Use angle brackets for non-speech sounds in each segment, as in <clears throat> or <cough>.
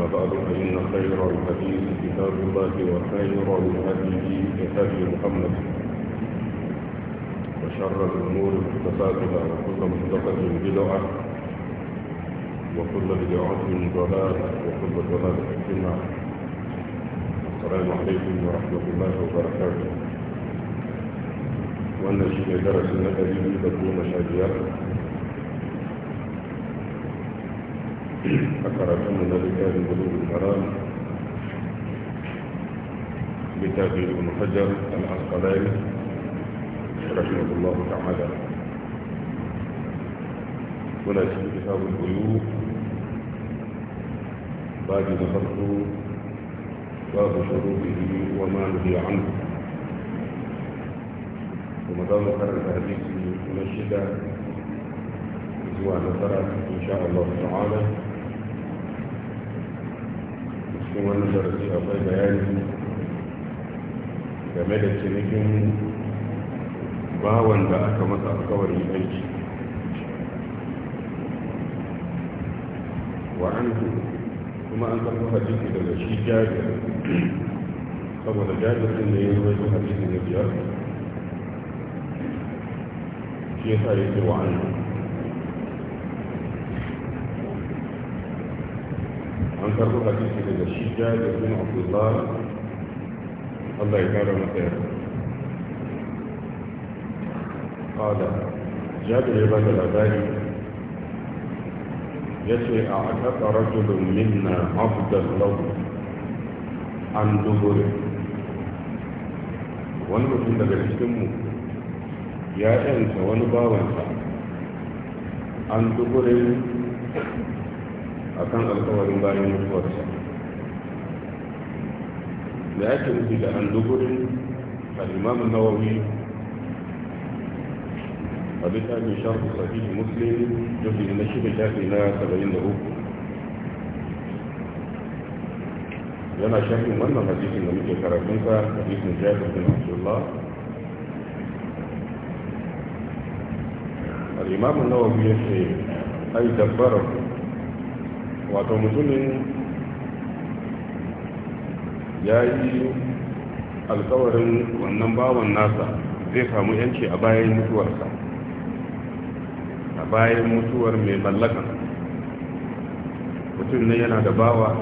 أما بعد فإن خير الحديث كتاب الله وخير الهدي كتاب محمد وشر الأمور محدثاتها وكل محدثة بدعة وكل بدعة ضلالة وكل ضلالة في النار السلام عليكم ورحمة الله وبركاته وأن الشيء درس النبي لتكون شجرة فكرتنا لكتاب بلوغ المرام كتاب ابن حجر العسقلاني رحمه الله تعالى هنا في كتاب البيوت بعد نفرته باب شروطه وما نهي عنه وما دام كان الحديث من الشده زوال نفرات ان شاء الله تعالى cikin wani darasi akwai bayani game da cinikin bawan da aka masa alkawarin aiki wa an kuma an karɓi hadisi daga shi jajir saboda jajir din da ya rubuta hadisi na biyar shi ya yake wa an an karɓi hadisi daga shi jabir bin abdullah Allah ya kara masa yarda Kada, jabir ya bada labari ce a ataka rajulun minna abdan lau an dubure wani mutum daga cikinmu ya yanta wani bawansa an dubure akan alkawarin bayan mutuwarsa da ake nufi da an dugurin al'imamun nawawi a littafin sharhu sahihi muslim jirgin na shida shafi na da 73 yana shafin wannan hadisin da muke karatunsa hadisin jabir bin abdullah الإمام النووي يقول أي دبره wato mutumin ya yi alkawarin wannan bawan nasa zai samu yanci a bayan mutuwarsa a bayan mutuwar mai mallaka. mutum ne yana da bawa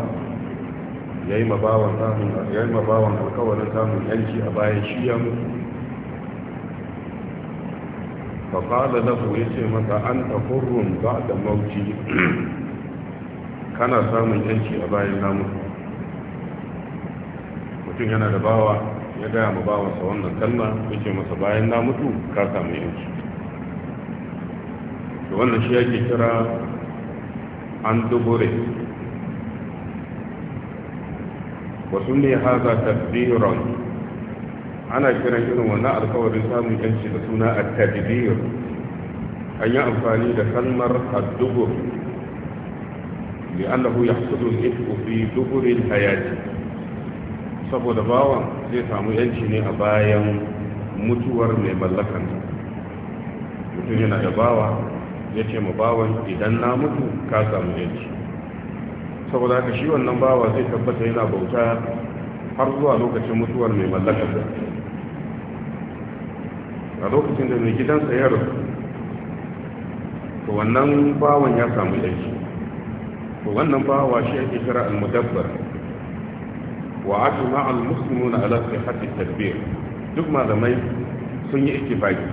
ya yi mabawan alkawarin samun yanci a bayan shi ya mutu faƙaɗa lafi ya ce masa an ta kurrun ba da mauci <clears throat> kana samun yanci a bayan namu mutum yana da bawa ya gaya ma bawansa wannan kalma yake masa bayan na mutu ka samu yanci da wannan shi yake kira an dubure wasu ne haza tabbiran ana kiran irin wannan alkawarin samun yanci da suna a tabbir an yi amfani da kalmar addubur Allah ya لأنه يحصل fi في دبر الحياة saboda bawan zai samu yanci ne a bayan mutuwar mai mallakan mutum yana da bawa ya ce ma bawan idan na mutu ka samu yanci saboda haka shi wannan bawa zai tabbata yana bauta har zuwa lokacin mutuwar mai mallakan a lokacin da mai gidansa ya rasu to wannan bawan ya samu yanci to wannan bawa shi ake kira al-mudabbar wa ajma al-muslimuna ala sihhati tadbir duk malamai sun yi ittifaki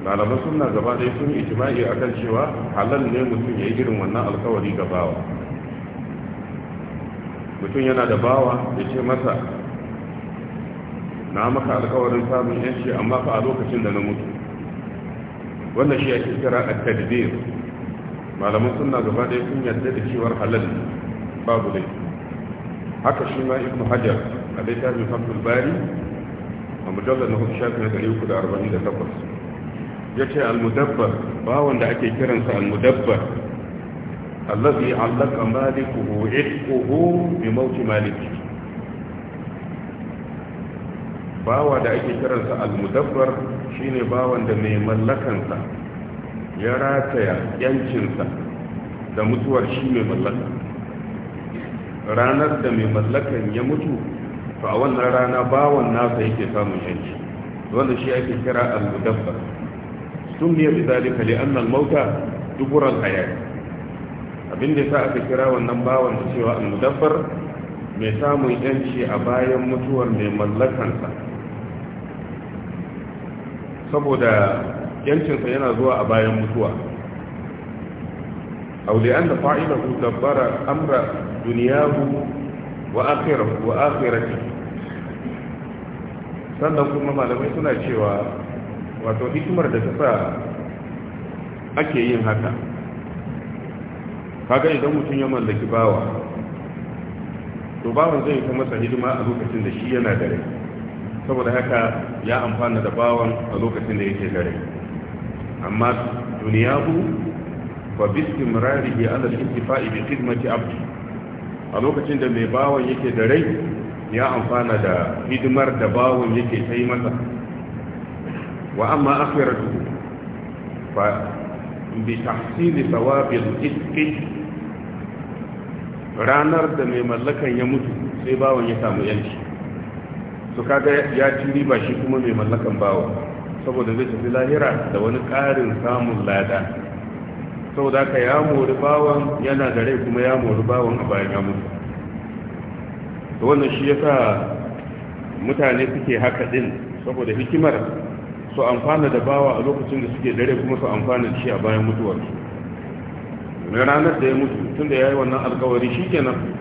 malaman sunna gaba ɗaya sun yi ijma'i akan cewa halal ne mutum ya yi irin wannan alƙawari ga bawa mutum yana da bawa ya ce masa na maka alƙawarin samun yanci amma fa a lokacin da na mutu wannan shi ake kira at-tadbir malaman suna gaba da sun yarda da cewar halal babu dai haka shi ma ibnu hajar a littafin fatul bari a mujallar na hudu shafi na ɗari uku da arba'in da takwas ya ce almudabbar bawon da ake kiransa almudabbar allazi allaka malikuhu itquhu bi mauti maliki bawa da ake kiransa almudabbar shine bawan da mai mallakansa ya rataya yancinsa da mutuwar shi mai mallaka ranar da mai mallakan ya mutu to a wannan rana bawan nasa yake samun yanci wanda shi ake kira al mudabba sun biya bi zalika li anna al-mauta duburan hayat abin da yasa aka kira wannan bawan da cewa al-mudabbar mai samun yanci a bayan mutuwar mai mallakansa saboda yancinsa yana zuwa a bayan mutuwa أو لأن فاعله دبر amra دنياه wa وآخرته sannan kuma malamai suna cewa wato hikimar da ta ake yin haka kaga idan mutum ya mallaki bawa to bawan zai ta masa hidima a lokacin da shi yana da saboda haka ya amfana da bawan a lokacin da yake da rai amma Ba duniyahu fa bistimrarihi ala al-intifa'i bi khidmati abdi a lokacin da mai bawon yake da rai ya amfana da hidimar da bawon yake kai masa wa amma akhiratuhu fa bi tahsili thawabil itqi ranar da mai mallakan ya mutu sai bawon ya samu yanci Su kaga ya ci riba shi kuma mai mallakan bawon saboda zai tafi lahira da wani ƙarin samun lada saboda ka ya mori bawan yana da rai kuma ya mori bawan a bayan ya mutu da wannan shi ya sa mutane suke haka din saboda hikimar su amfana da bawa a lokacin da suke dare kuma su amfana da shi a bayan mutuwar mai ranar da ya mutu tun da ya yi wannan alkawari shi kenan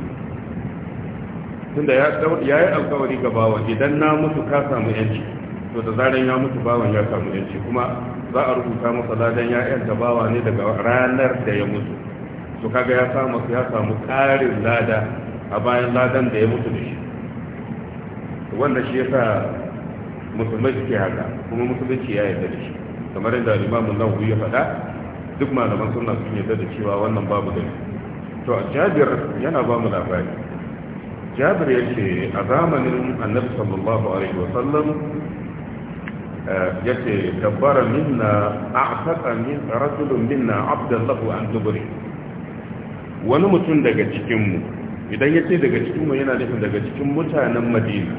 tun da ya yi alkawari ga bawa idan na mutu ka samu yanci to da zaran ya mutu bawan ya samu yanci kuma za a rubuta masa ladan ya yanta bawa ne daga ranar da ya mutu to kaga ya samu ya samu karin lada a bayan ladan da ya mutu da shi wannan shi yasa musulmai suke haka kuma musulunci ya yarda da shi kamar yadda limamin nawawi ya faɗa duk malaman sunna sun yarda da cewa wannan babu dalili to jabir yana ba mu labari jabir ya ce a zamanin annabi sallallahu alaihi wasallam yace dabbara minna a'taqa min rajulun minna abdallahu an dubri wani mutum daga cikin mu idan yace daga cikin mu yana nufin daga cikin mutanen Madina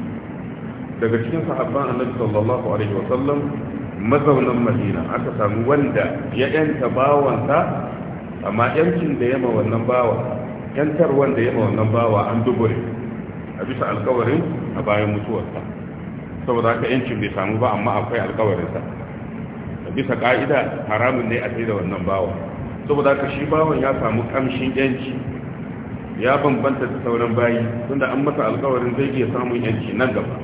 daga cikin sahabban Annabi sallallahu alaihi wa sallam mazaunan Madina aka samu wanda ya yanta bawansa amma yancin da yama wannan bawa yantar wanda yama wannan bawa an dubure a bisa alkawarin a bayan mutuwarsa saboda haka yancin bai samu ba amma akwai alkawarinsa bisa ka'ida haramun ne a sai da wannan bawan saboda haka shi bawan ya samu kamshin yanci ya bambanta da sauran bayi tunda an masa alkawarin zai iya samun yanci nan gaba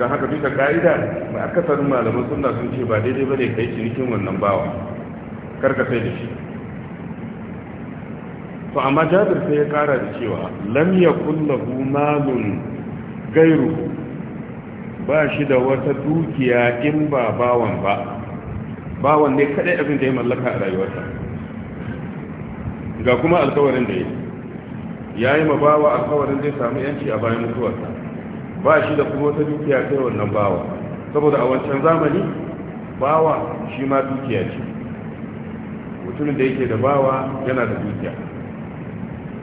don haka bisa ka'ida mai akasarin malaman suna sun ce ba daidai ba ne kai cinikin wannan bawa karka sai da shi to amma jabir sai ya kara da cewa lam yakun lahu malun gairu ba shi da wata dukiya in ba bawan ba bawan ne kadai abin da ya mallaka a rayuwarsa ga kuma alkawarin da ya ya yi ma bawa alkawarin zai samu yanci a bayan mutuwarsa ba shi da kuma wata dukiya kai wannan bawa saboda a wancan zamani bawa shi ma dukiya ce mutumin da yake da bawa yana da dukiya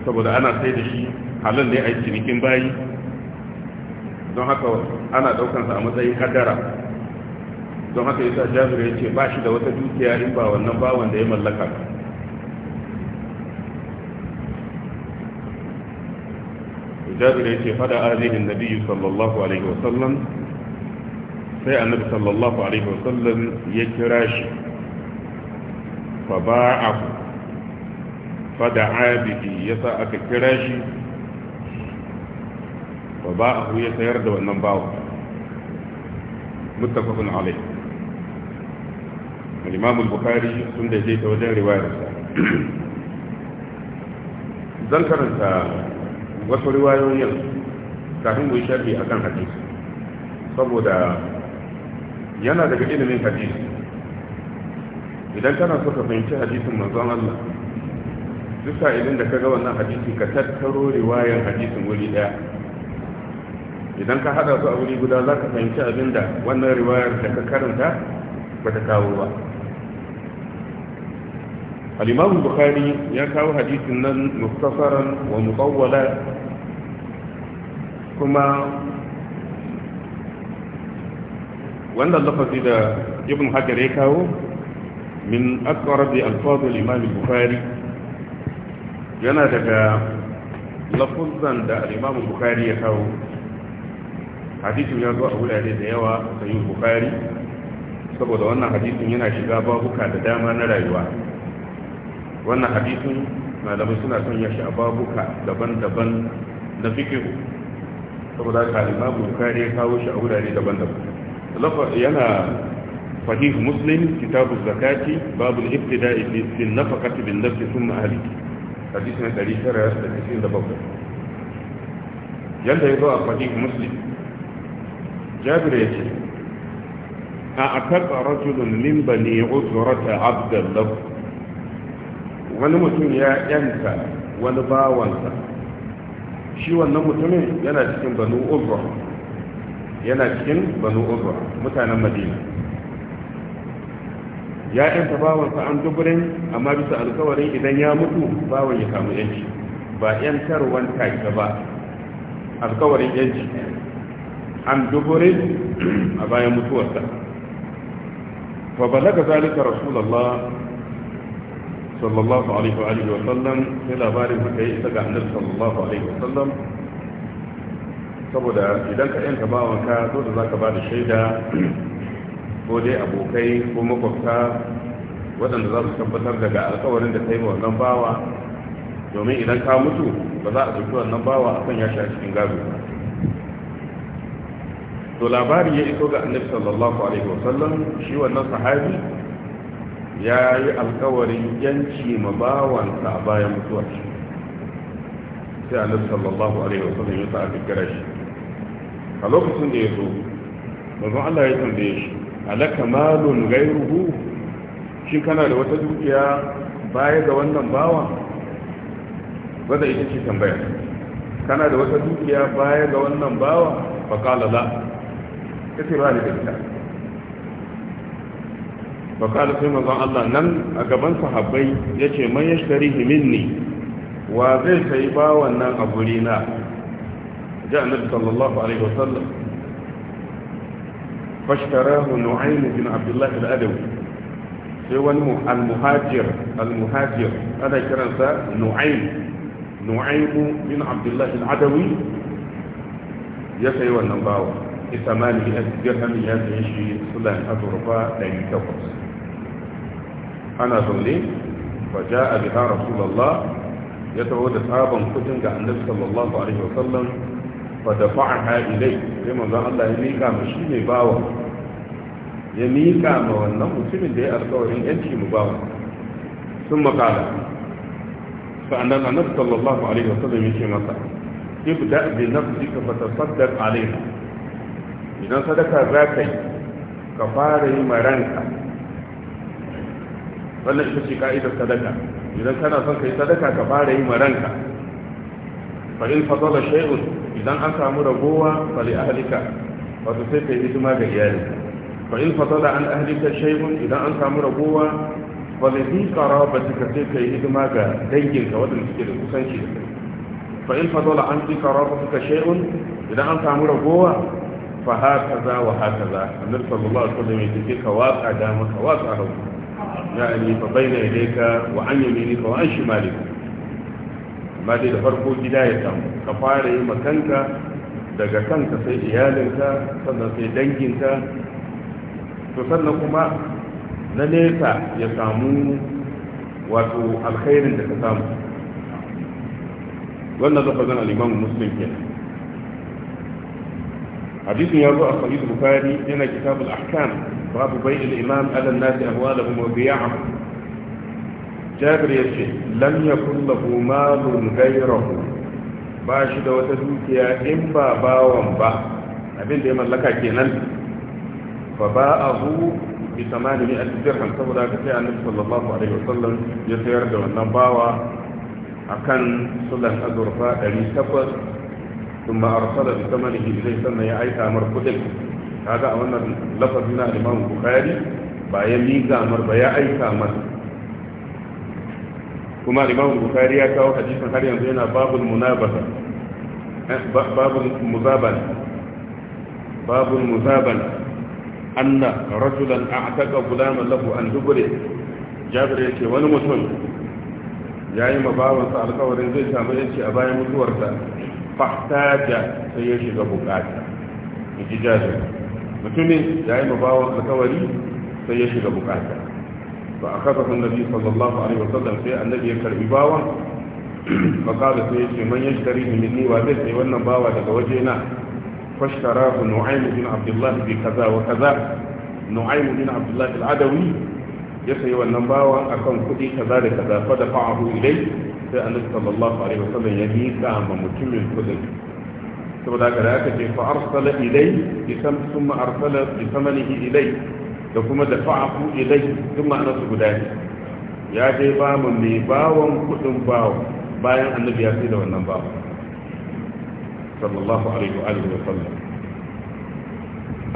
saboda ana sai da shi halin da ya aiki cinikin bayi don haka ana daukansa a matsayin kaddara don haka yasa jabir ya ce ba shi da wata dukiya in ba wannan bawan da ya mallaka jabir ya ce fada azihin nabiyu sallallahu alaihi wasallam sai annabi sallallahu alaihi wasallam ya kira shi fa ba'a fada abidi yasa aka kira shi wa ba'ahu ya sayar da wannan bawo muttafaqun alayh al-imam al-bukhari sun da ta wajen riwayar sa zan karanta wasu riwayoyin kafin mu sharhi akan hadisi saboda yana daga ilimin hadisi idan kana so ka fahimci hadisin manzon Allah duk sa'ilin da ka ga wannan hadisi ka tattaro riwayar hadisin wuri daya idan ka hada su a wuri guda za ka fahimci abinda wannan riwayar da ka karanta ba ta kawo ba al-imam bukhari ya kawo hadisin nan muftasaran wa mutawwala kuma wannan lafazi da ibn hajar ya kawo min aqrabi alfaz al-imam bukhari yana daga lafuzan da al-imam bukhari ya kawo hadisin ya zo a wurare da yawa a sayin bukari saboda wannan hadisin yana shiga babuka da dama na rayuwa wannan hadisin malamai suna son ya shi a babuka daban-daban na fikiru saboda kalima bukari ya kawo shi a wurare daban-daban yana fahim muslim kitabu zakati babu ibtida'i bin nafaqati bin nafsi thumma ahli hadisin yadda ya zo a fahim muslim جابر ya ce a من بني عزرة عبد الله ونمت wani mutum ya yanta wani bawansa shi wannan mutumin yana cikin banu عزرة مدينة mutanen ya yanta bawansa an dubirin amma bisa alkawarin idan ya mutu bawan ya samu yanci ba ba alkawarin yanci an dubure a bayan mutuwarsa fa balaga zalika rasulullah sallallahu alaihi wa alihi wa sallam sai labarin haka yi daga annabi sallallahu alaihi wa sallam saboda idan ka yanka bawanka dole zaka ba da shaida ko dai abokai ko makwabta waɗanda za su tabbatar daga alkawarin da ta yi wa wannan bawa domin idan ka mutu ba za a ɗauki wannan bawa a kan ya shi cikin gado ba to labari ya iso ga annabi sallallahu alaihi wasallam shi wannan sahabi ya yi alkawarin yanci ma bawansa a bayan mutuwar shi sai annabi sallallahu alaihi wasallam ya sa kira shi a lokacin da ya zo manzon Allah ya tambaye shi alaka malun gairuhu shi kana da wata dukiya baya ga wannan bawan wanda ita ce tambaya kana da wata dukiya baya ga wannan bawan faqala la ya ce ba da ita ba kala sai manzon Allah nan a gaban sahabbai ya ce man ya shari minni wa zai sayi bawan nan a gurina ji annabi sallallahu alaihi wasallam fashtarahu ainihin bin abdullah al-adawi sai wani al-muhajir al-muhajir ana kiransa nu'aym nu'aym bin abdullahi al-adawi ya sai wannan bawa. bi samani da dirham ya sayi shi sulan azurfa 800 ana zaune waje a biha rasulallah ya taho da sabon kudin ga annabi sallallahu alaihi wasallam fa dafa'aha ilai sai manzo Allah ya mika mu shi ne bawa ya mika ma wannan mutumin da ya alƙawarin yanci mu bawa sun makala فأن النبي صلى الله عليه وسلم يشي مصر ابدأ بنفسك فتصدق عليها idan sadaka za ka yi ka fara yi maranka. wannan ita ce ka'idar sadaka idan kana son ka yi sadaka ka fara yi maranka. ranka fa in shay'un idan an samu ragowa fa li ahlika wato sai ka yi hidima ga iyali. fa in an ahlika shay'un idan an samu ragowa fa li fi qarabatika sai ka yi hidima ga danginka wadanda suke da kusanci da kai fa in fadala an fi ka shay'un idan an samu ragowa fa haka za wa haka za a annabi sallallahu alaihi wasallam ya ce ka watsa dama ka watsa hagu yani fa baina ka wa an ka wa an shimalika amma dai da farko gida ya samu ka fara yi makanka daga kanka sai iyalinka sannan sai danginka to sannan kuma na nesa ya samu wato alkhairin da ka samu wannan zafazan alimamu muslim kenan hadisin ya zo a sahih bukhari yana kitabul ahkam babu bai'il imam ala an-nas ahwalahum wa biya'ahum jabir yace lam yakun lahu malun ghayruhu ba shi da wata dukiya in ba bawan ba abin ya mallaka kenan fa ba'ahu bi 800 dirham saboda ka sai annabi sallallahu ya sayar da wannan bawa akan sulan ɗari 800 ثم أرسل بثمنه إليه سنة يعيك أمر كتل هذا أولا لفظنا الإمام البخاري bayan miƙa amar ba ya aika kuma limamu bukari ya kawo hadisin har yanzu yana babul munabata babul muzaban babul muzaban anna rajulan a'taqa gulaman lahu an dubure jabir yace wani mutum yayi ma bawansa alƙawarin zai samu yanci a bayan mutuwarsa fahtaja sai ya shiga bukata in ji jazin mutumin ya yi mabawa alkawari sai ya shiga bukata ba a kasa kun nabi sallallahu alaihi wasallam sai annabi ya karbi bawan <clears throat> fakada sai ya ce man ya shari da minni wa zai sai wannan bawa daga waje na fashtara ku nu'aymu bin abdullah bi kaza wa kaza nu'aymu bin abdullah al-adawi ya sai wannan bawa akan kuɗi kaza da kaza fa da fa'ahu ilai sai annabi sallallahu alaihi wasallam ya miƙa ma mutumin kudin saboda haka da aka ce fa arsala ilai isam summa arsala bi samanihi ilai da kuma da fa'afu ilai duk ma'anar su guda ne ya je ba mu mai bawon kudin bawo bayan annabi ya sai da wannan bawo sallallahu alaihi wa alihi wa sallam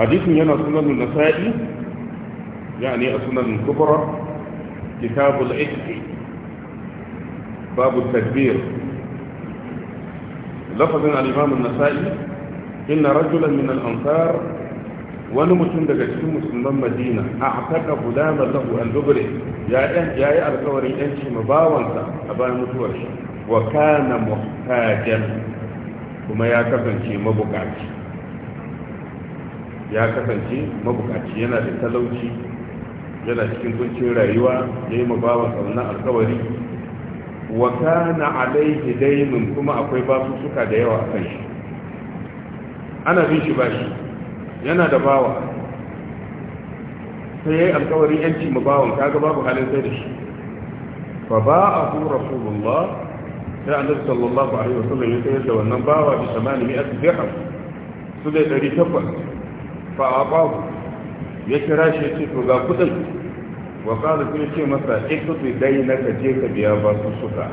hadisin yana sunan nasa'i yani a sunan kubra kitabul ikhti babu tadbir lafazin al-imam an-nasa'i inna rajulan min wani mutum daga cikin musulman madina a haƙaƙa gudanar lahu an dubure ya yi alkawarin yanci ma bawansa a bayan mutuwar shi wa kana muhtajan kuma ya kasance mabukaci ya kasance mabukaci yana da talauci yana cikin kuncin rayuwa ya yi ma bawansa wannan alkawari wa kana alaihi dainun kuma akwai basussuka da yawa a kai. ana bin shi bashi yana da bawa sai yayi alƙawarin yanci ma bawan kaga babu halin sai da shi fa ba'ahu rasulullah sai annabi sallallahu alaihi wasallam ya sayar da wannan bawa bi 800 dirham su da 800 fa abahu ya kira shi ya ce to ga kudin wa qala sai ce masa dai na ka je ka biya ba su suka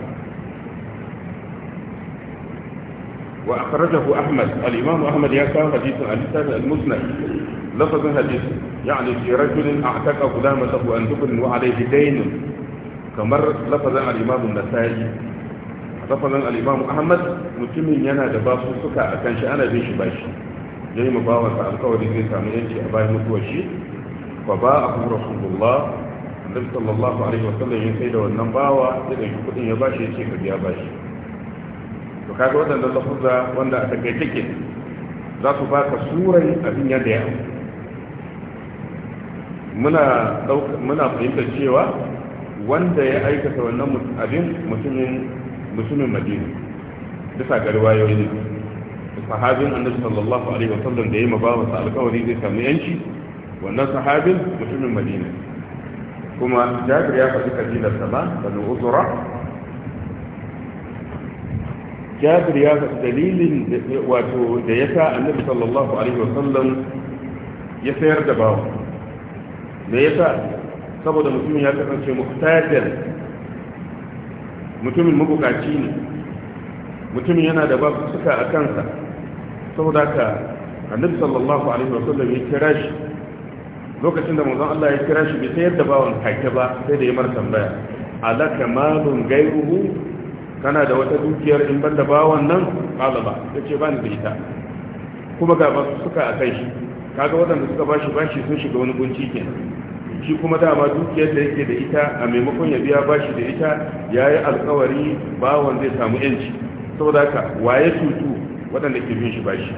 wa akhrajahu ahmad al-imam ahmad ya kawo hadisin al-kitab al-musnad lafaz hadith yani fi rajul a'taqa gulamahu an dubun wa alayhi dayn kamar lafaz al-imam an-nasa'i lafaz al-imam ahmad mutumin yana da ba basu suka akan shi ana bin shi bashi yayi mubawarsa alƙawari zai samu yanci a bayan mutuwar shi fa ba'ahu rasulullah annabi sallallahu alaihi wasallam ya sai da wannan bawa sai da kudin ya bashi yace ka biya bashi to kaga wadannan lafuzza wanda a take take za su baka surai abin ya da muna muna fahimtar cewa wanda ya aikata wannan abin mutumin mutumin madina bisa ga riwayoyi ne sahabin annabi sallallahu alaihi wasallam da ya yi mabawa sa alƙawari zai samu yanci wannan sahabin mutumin madina kuma jabir ya faɗi kabilarsa ba banu uzura jabir ya faɗi dalilin wato da ya sa annabi sallallahu alaihi wasallam ya sayar da bawa da ya sa saboda mutumin ya kasance muhtajar mutumin mabukaci ne mutumin yana da babu suka a kansa saboda ka annabi sallallahu alaihi wasallam ya kira shi lokacin da manzon Allah ya kira shi bai sayar da bawan kake ba sai da ya mar tambaya alaka malun gairuhu kana da wata dukiyar in ban da bawan nan qala ba yace ba ni da ita kuma ga masu suka a kai shi kaga waɗanda suka bashi bashi sun shiga wani gunci ke shi kuma dama dukiyar da yake da ita a maimakon ya biya bashi da ita yayi alkawari bawan zai samu yanci saboda haka waye tutu waɗanda ke bin shi bashi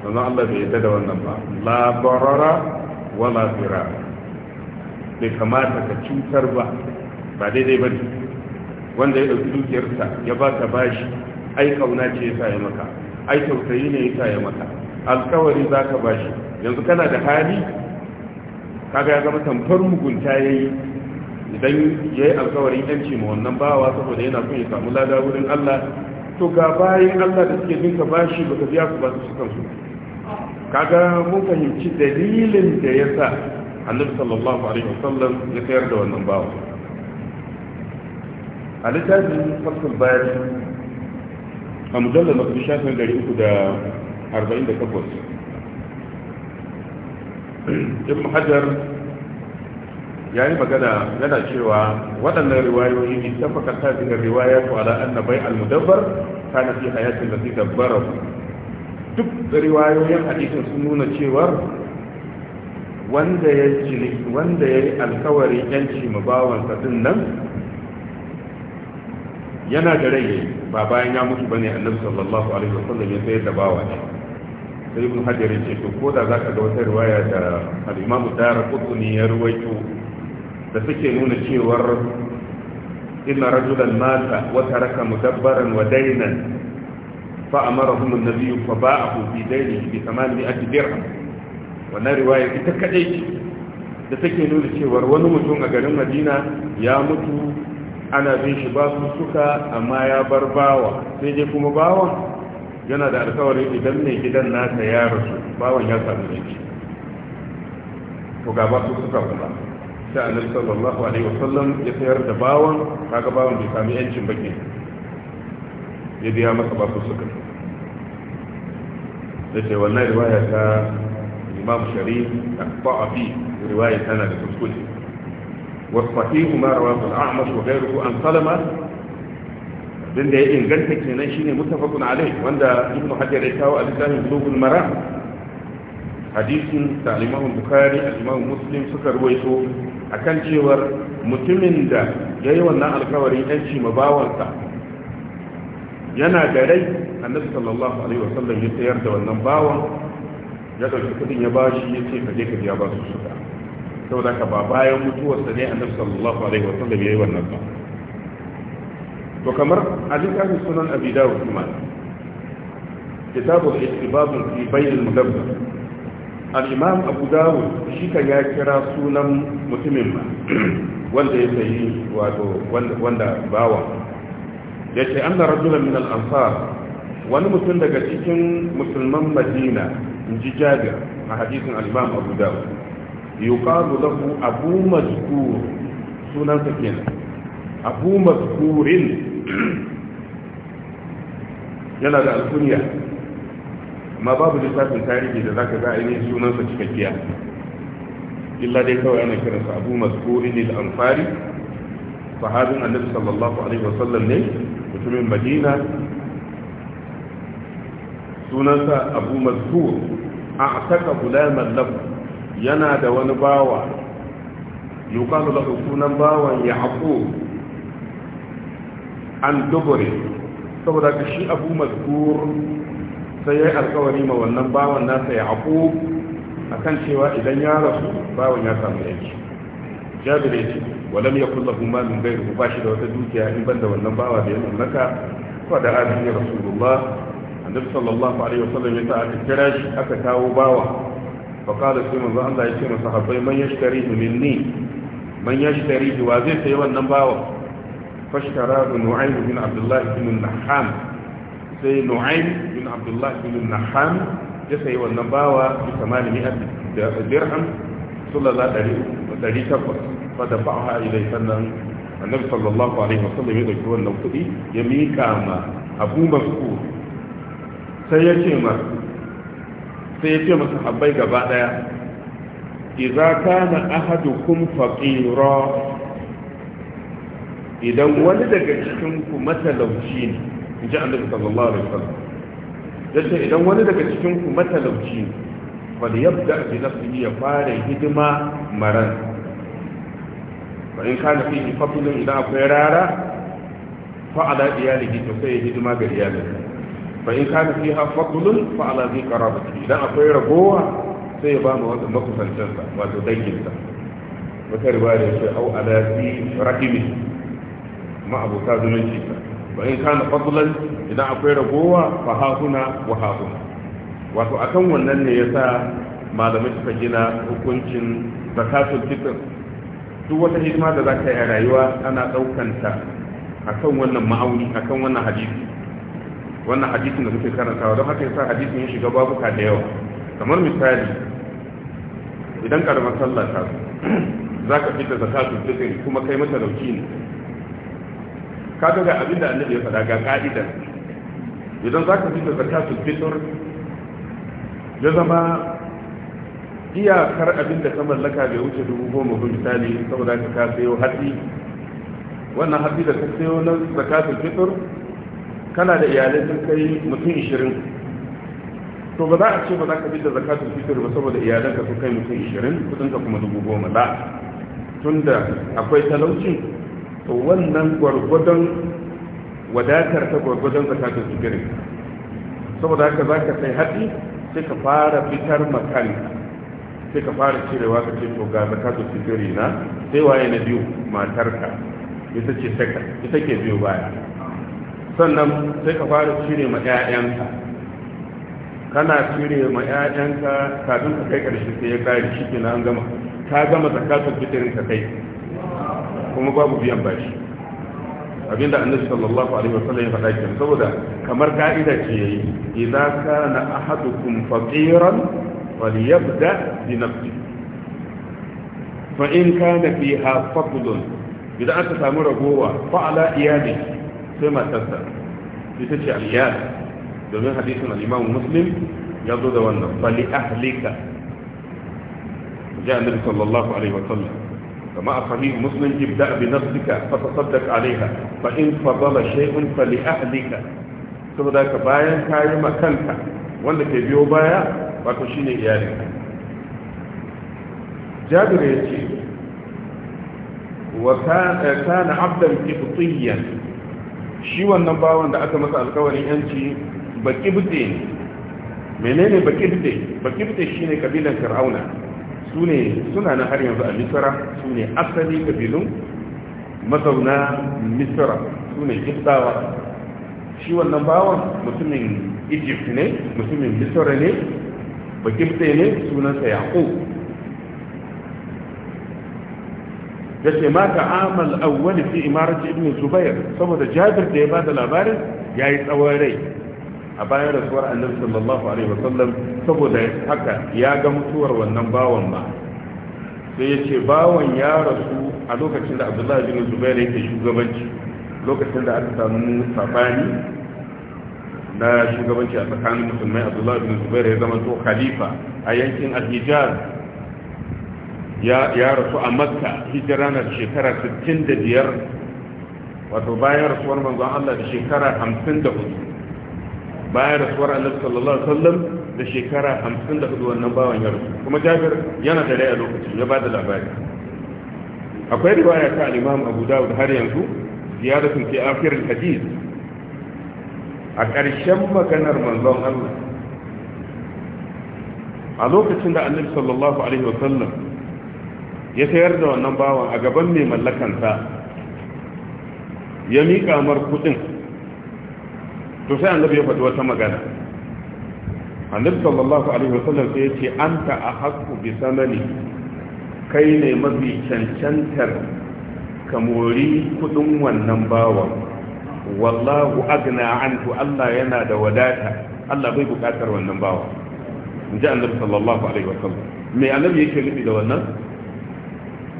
sannan Allah bai yarda da wannan ba la barara wala zira bai kamata ka cutar ba ba daidai ba ne wanda ya ɗauki dukiyarsa ya ba ka bashi ai kauna ce ya sa ya maka ai tausayi ne ya sa ya maka alkawari za ka bashi yanzu kana da hali kaga ya zama tamfar mugunta ya yi idan ya yi alkawarin yanci ma wannan bawa saboda yana son ya samu lada wurin allah to ga bayan allah da suke jinka bashi ka biya su ba su kansu kaga mun fahimci dalilin da ya sa annabi sallallahu alaihi wasallam ya sayar da wannan bawo a littafin fasul bayan a mujallar masu shafin dari uku da arba'in da takwas ibn hajar ya yi magana yana cewa waɗannan riwayoyi ne ta ta daga riwaya ko ala anna bai al-mudabbar kana fi hayatin da dabbara duk da riwayoyin hadisin sun nuna cewar wanda ya yi wanda ya yi alkawari yanci ma bawansa din nan yana da rai ba bayan ya mutu bane annabi sallallahu alaihi wasallam ya sayar da bawa ne sai ibn hajar yace to ko da zaka ga wata riwaya da al-imamu darqutni ya ruwaito da suke nuna cewar inna rajulan mata wa taraka mudabbaran wa daynan فأمرهم النبي فباعه في دينه بثمانمائة درهم wannan riwaya ita kadai da take nuna cewar wani mutum a garin madina ya mutu ana bin shi ba su suka amma ya bar bawa sai dai kuma bawan yana da alkawarin idan mai gidan nasa ya rasu bawan ya samu yanki to ga ba suka kuma sai annabi sallallahu alaihi ya sayar da bawan kaga bawan bai sami ya biya masa suka yace wannan riwaya ta imam sharif al-qabi riwaya tana da kuskure wa sahihu ma rawahu al-a'mash wa ghayruhu an salama din da ya inganta kenan shine muttafaqun alayh wanda ibnu hajar ya kawo a littafin bulugul maram hadisin da al-imam bukhari al-imam muslim suka ruwaito akan cewar mutumin da yayi wannan alkawarin yanci mabawansa yana da rai annabi sallallahu alaihi wasallam ya tsayar da wannan bawan ya dauki kudin ya bashi ya ce kaje ka biya ba su shiga saboda ka ba bayan mutuwarsa ne annabi sallallahu alaihi wasallam ya yi wannan ba to kamar alikafi sunan abi dawud kuma kitabul istibab fi bayn al-mudabbir al-imam abu dawud shi kan ya kira sunan mutumin ma wanda ya sayi wato wanda bawa da ce an da rajulan min al'ansar wani mutum daga cikin musulman madina in ji jabir a hadisin al'imam abu ƙaru yuqalu ku abu mazkur sunansa kenan abu mazkurin yana da alkuniya amma babu littafin tarihi da zaka yi ainihin sunansa cikakkiya illa dai kawai ana kiransa abu mazkurin al-ansari sahabin annabi sallallahu alaihi wasallam ne mutumin madina sunansa abu mazkur a saka gulamar lafu yana da wani bawa yukalu lahu sunan bawan ya haƙo an dubure saboda ka shi abu mazkur sai ya yi alkawari ma wannan bawan nasa ya haƙo a kan cewa idan ya rasu bawan ya samu yanki jabire ce walam yakul lahu malun ghayruhu bashi da wata dukiya in banda wannan bawa da ya mallaka fa da alihi a annabi sallallahu alaihi wasallam ya sa aka kira shi aka kawo bawa fa qala sai manzo Allah ya ce masa sahabbai man yashtarihu minni man yashtarihu wa zai sayi wannan bawa fashtara nu'aym bin abdullah bin naham sai nu'aym bin abdullah bin naham ya sayi wannan bawa fa da fa'aha ilai sannan annabi sallallahu alaihi wasallam ya dauki wannan kuɗi ya mika ma abu mas'ud sai ya ce ma sai ya ce masa habbai gaba daya idza kana ahadukum faqira idan wani daga cikin ku matalauci ne in ji annabi sallallahu alaihi wasallam yace idan wani daga cikin ku matalauci ne fal yabda bi nafsihi ya fara hidima maran fa in kana fi fadlun idan akwai rara fa ala iyalihi to sai hidima ga iyalinsa fa in kana fi fadlun fa ala zai qarabati idan akwai ragowa sai ya ba mu wanda makusantansa wato danginsa wata riwaya da ce au ala fi rahimi ma abota zumunci fa in kana fadlan idan akwai ragowa fa ha wa ha wato akan wannan ne yasa malamai suka gina hukuncin zakatul fitr duk wata hikima da za ka yi a rayuwa ana ɗaukanta a kan wannan ma'auni a kan wannan hadisi wannan hadisin da suke karantawa don haka yasa hadisin ya shiga babuka da yawa kamar misali idan karamar sallah ta <clears throat> za ka fita su fitri kuma kai mata dauki ne ka ga abin da annabi ya faɗa ga ka'idar idan za ka fita su fitr ya zama iyakar abin da ka mallaka bai wuce dubu goma ba misali saboda ka ka sayo hatsi wannan hatsi da ka sayo na zakatul fitr kana da iyalai sun kai mutum ishirin to ba za a ce ba za ka bi da zakatul fitr ba saboda iyalanka sun kai mutum ishirin kudin ka kuma dubu goma la tunda akwai talauci to wannan gwargwadon wadatar ta gwargwadon zakatul fitr saboda haka za ka sai hatsi sai ka fara fitar makanka sai ka fara cirewa ka ce to ga zakatul fitri na sai waye na biyu matarka ita ce ta ita ke biyu baya sannan sai ka fara cire ma ƴaƴanka kana cire ma ƴaƴanka kafin ka kai karshe sai ya kare shi ke an gama ka gama zakatul fitrin ka kai kuma babu biyan bashi abinda annabi sallallahu alaihi wasallam ya faɗa kenan saboda kamar ka'ida ce yayi idza kana ahadukum faqiran فليبدأ بنفسه فإن كان فيها فقد إذا أنت تعمل رجوة فعلى إياده كما تبدأ لتشع الإيادة دون حديث الإمام مسلم يضد وانا فلأهلك جاء النبي صلى الله عليه وسلم كما أخرجه مسلم ابدأ بنفسك فتصدق عليها فإن فضل شيء فلأهلك saboda ka bayan kayi makanka wanda ke biyo baya wato ne iyalinka jabir ya ce wa eh, na abdan kibtiyyan shi wannan bawan da aka masa alkawarin yanci ba qibti menene ba qibti ba shi ne kabilan su ne suna na har yanzu a misira. Su ne asali kabilun mazauna misira. Su ne kibtawa shi wannan bawan mutumin egypt ne mutumin misira ne bakifte ne sunansa Ya ce ma amal awwal fi imarati ibn zubair saboda jabir da ya ba da labarin yayi tsawon rai a bayan rasuwar annabi sallallahu alaihi sallam saboda haka ya ga mutuwar wannan bawan ba. sai ya ce bawan ya rasu a lokacin da abdullahi bin zubair yake shugabanci lokacin da aka samu sabani na shugabanci a tsakanin musulmai abdullahi bin zubair ya zama to khalifa a yankin al-hijaz ya rasu a makka hijira na shekara 65 wato bayan rasuwar manzon Allah da shekara 54 bayan rasuwar annabi sallallahu alaihi wasallam da shekara 54 wannan bawan ya rasu kuma Jabir yana da rai a lokacin ya bada labari akwai riwaya ta al-Imam Abu Dawud har yanzu ziyaratun fi akhir al-hadith a ƙarshen maganar manzon Allah a lokacin da annabi sallallahu alaihi wa sallam ya sayar da wannan bawan a gaban mai mallakansa ya miƙa mar kuɗin to sai annabi ya faɗi wata magana annabi sallallahu alaihi wa sallam sai ya ce an ta a haƙƙu bi sanani kai ne mafi cancantar ka mori kuɗin wannan bawan wallahu agna anhu Allah yana da wadata Allah bai bukatar wannan bawa in ji annabi sallallahu alaihi wa sallam me annabi yake nufi da wannan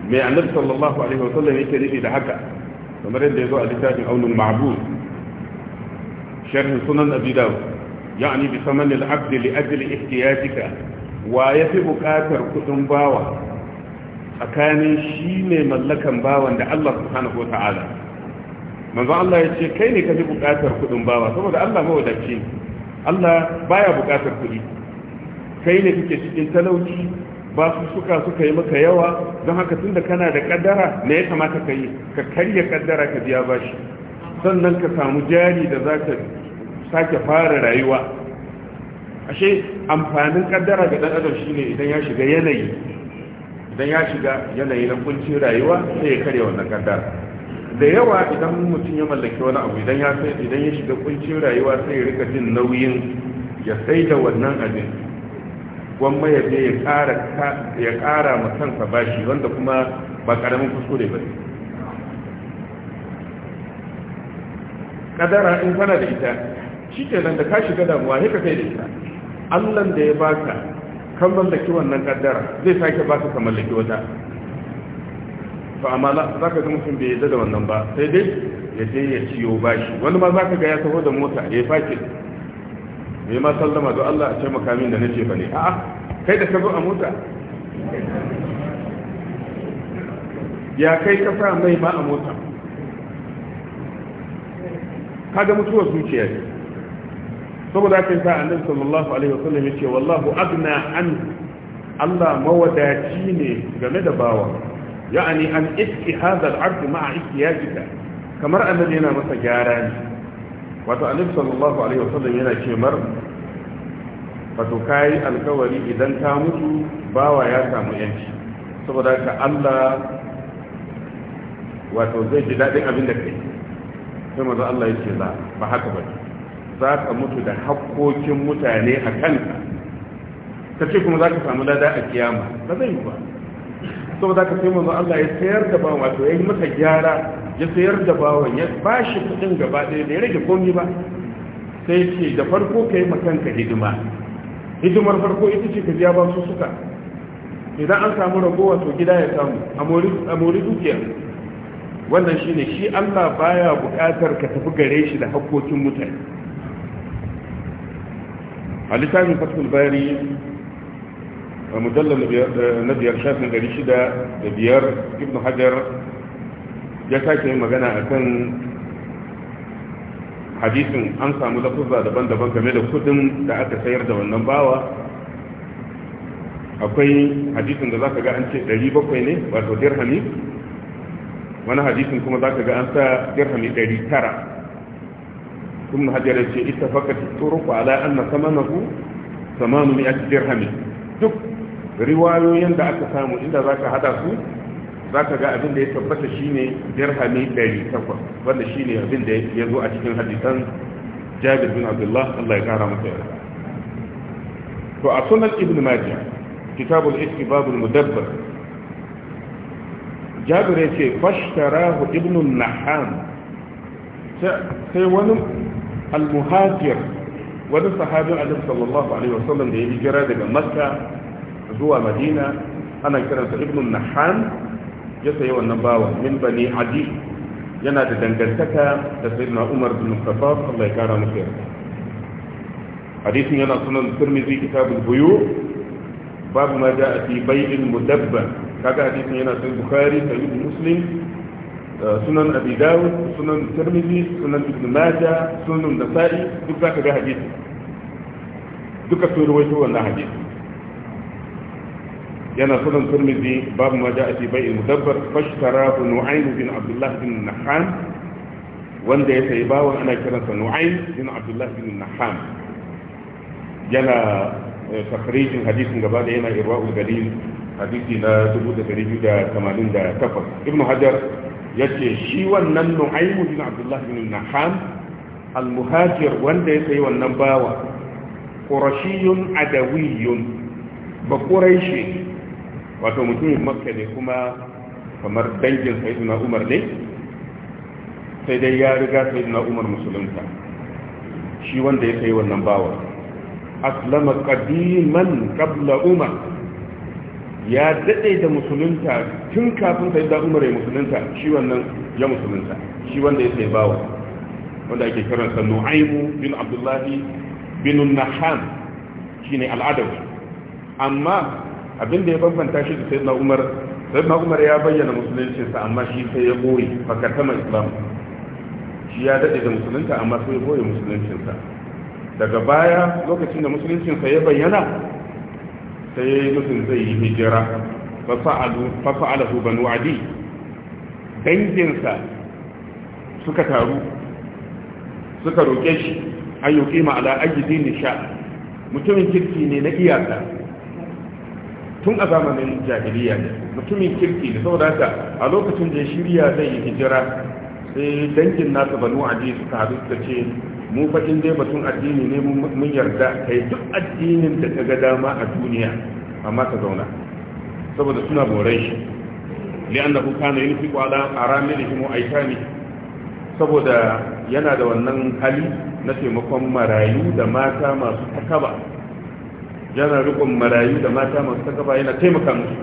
me annabi sallallahu alaihi wa sallam yake nufi da haka kamar yadda ya zo a littafin aunul ma'bud sharhin sunan abi dawud yani bi saman al-abd li ajli ihtiyatika wa yafi bukatar kudin bawa tsakanin shi ne mallakan bawan da Allah subhanahu wa ta'ala manzo Allah ya ce kai ne ka fi bukatar kudin bawa saboda Allah mawadaci ne Allah baya bukatar kuɗi kai ne kake cikin talauci ba su suka suka yi maka yawa don haka tunda kana da kaddara ne ya kamata ka yi ka karya kaddara ka biya bashi sannan ka samu jari da za ka sake fara rayuwa ashe amfanin kaddara ga dan adam shine idan ya shiga yanayi idan ya shiga yanayi na kuncin rayuwa sai ya karya wannan kaddara da yawa idan mutum ya mallaki wani abu idan ya sai idan ya shiga kuncin rayuwa sai ya rika jin nauyin ya sai da wannan abin gwamma ya je ya kara ya ma kansa bashi wanda kuma ba ƙaramin kuskure ba ne kadara in kana da ita shi ke nan da ka shiga damuwa haka kai da ita allan da ya baka kan mallaki wannan kadara zai sake baka ka mallaki wata to amma za ka ga mutum bai yadda da wannan ba sai dai ya je ya ciyo bashi wani ma za ka ga ya taho da mota ya yi fakin mai ma sallama da Allah a ce makamin da nace ba ne a'a kai da ka zo a mota ya kai ka sa mai ba a mota Ka ga mutuwar zuciya ne saboda haka yasa annabi sallallahu alaihi wasallam yace wallahu agna an Allah mawadaci ne game da bawa ya'ani an iski hadal abdu ma'a ikiyajika kamar annabi yana masa gyara ne wato annabi sallallahu alaihi wasallam yana ce mar alkawari idan ta mutu bawa ya samu yanci saboda ka Allah wato zai ji dadin abin da kai sai maza Allah ya ce za ba haka ba za ka mutu da hakkokin mutane a ka ce kuma za ka samu lada a kiyama ba zai yi ba saboda ka sai manzo Allah ya sayar da bawan wato yayi masa gyara ya sayar da bawan ya bashi kudin gaba ɗaya da ya rage komai ba sai ce da farko kai makanka hidima hidimar farko ita ce ka biya ba su suka idan an samu rago wato gida ya samu a mori dukiya wannan shine shi Allah baya buƙatar ka tafi gare shi da hakkokin mutane a littafin fatul bari mujallar eh, na biyar shafin ɗari shida da biyar ibn hajar ya sake yin magana a kan hadisin an samu lafuzza daban-daban game da kudin da aka sayar da wannan bawa akwai hadisin da zaka ga an ce 700 ne wato dirhami wani hadisin kuma zaka ga an sa dirhami 900 kuma hajjar ya ce ita faka turuku ala anna samanahu samanu mi'at dirhami duk riwayoyin da aka samu inda za ka hada su za ka ga abin da ya tabbata shine dirhami 800 wanda shine abin da ya zo a cikin hadisan jabir bin abdullah Allah ya kara masa yarda to a sunan ibn majah kitabul iski babul mudabbar jabir ya ce fashtarahu ibn naham sai wani almuhajir wani sahabin annabi sallallahu alaihi wasallam da ya hijira daga makka zuwa madina ana kiransa Ibnun nahan ya sayi wannan bawa min bani adi yana da dangantaka da sayyidina umar bin khattab Allah ya kara masa yarda hadisin yana sunan tirmidhi kitabul buyu babu ma jaa fi bai'il mudabba kaga hadisin yana sunan bukhari sahih muslim uh, sunan abi dawud sunan tirmidhi sunan ibn majah sunan nasa'i duk zaka ga hadisin duka sun ruwaito wannan hadisin yana sunan turmizi babu ma ja'a fi bai'il mudabbar fashtarahu nu'aym bin abdullah bin nahan wanda ya sayi bawon ana kiransa nu'aym bin abdullah bin nahan yana eh, tafrijin hadisin gaba da yana irwa'ul galil hadisi na 2288 ibn hajar yace shi wannan nu'aym bin abdullah bin nahan al-muhajir wanda ya sayi wannan bawa qurashiyun adawiyun ba quraishi wato mutumin makka ne kuma kamar dangin sayyiduna umar ne sai dai ya riga sayyiduna umar musulunta shi wanda ya sayi wannan bawa aslama qadiman qabla umar ya dade da musulunta tun kafin sayyiduna umar ya musulunta shi wannan ya musulunta shi wanda ya sayi bawa wanda ake kiran kiransa nu'aymu bin abdullahi bin naham shine al'adawi amma abin da ya bambanta shi da sayyidina umar sayyidina umar ya bayyana musulunci sa amma shi sai ya boye fakatama islam shi ya dade da musulunta amma sai ya boye musulunci sa daga baya lokacin da musulunci sa ya bayyana sai ya yi zai yi hijira fa fa'alahu banu adi danginsa suka taru suka roƙe shi ayyuki yi ƙima ala ayyudin nisha mutumin kirki ne na iyaka tun a zamanin jahiliya ne mutumin kirki da saboda haka a lokacin da shirya zai yi hijira sai dangin nasa banu adi suka haɗu suka ce mu fa in dai batun addini ne mun yarda kai duk addinin da ka ga dama a duniya amma ka zauna saboda suna borai shi li'annahu kana yunfiqu ala aramilihim wa aitani saboda yana da wannan hali na taimakon marayu da mata masu takaba yana rikon marayu da mata masu takaba yana taimaka musu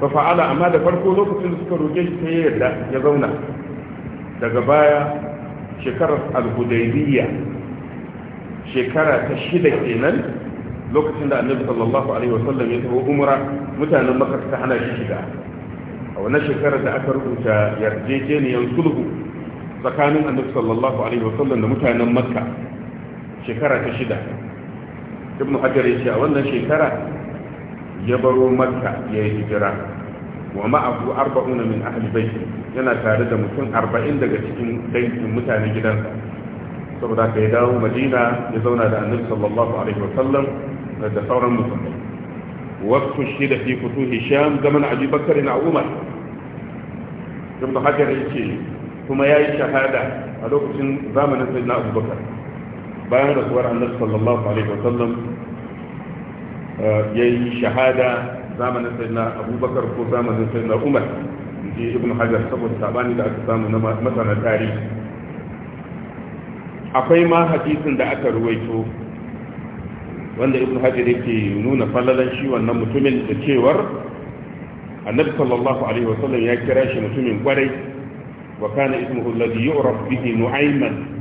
ba fa'ala amma da farko lokacin da suka roƙe shi sai yadda ya zauna daga baya shekarar al-hudaybiyya shekara ta shida kenan lokacin da annabi sallallahu alaihi wasallam ya tafi umra mutanen makka ta hana shi shiga a wannan shekarar da aka rubuta yarjejeniyar sulhu tsakanin annabi sallallahu alaihi wasallam da mutanen makka shekara ta shida ibn hajar ya ce a wannan shekara ya baro makka ya yi hijira wa ma'abu arba'una min ahli baiti yana tare da mutum arba'in daga cikin dangin mutane gidansa saboda ka ya dawo madina ya zauna da annabi sallallahu alaihi wasallam da sauran musulmai wasu shi da fi fito sham zaman abi bakar na umar ibn hajar ya ce kuma ya yi shahada a lokacin zamanin sayyidina abubakar bayan da rasuwar annabi sallallahu alaihi wasallam eh, ya yi shahada zamanin sai na abubakar ko zamanin sai na umar ji ibn hajar saboda sabani da aka samu na masana tarihi akwai ma hadisin da aka ruwaito wanda ibn hajar yake nuna falalan shi wannan mutumin da cewar annabi sallallahu alaihi wasallam ya kira shi mutumin kwarai wa kana ismuhu alladhi yu'raf bihi nu'ayman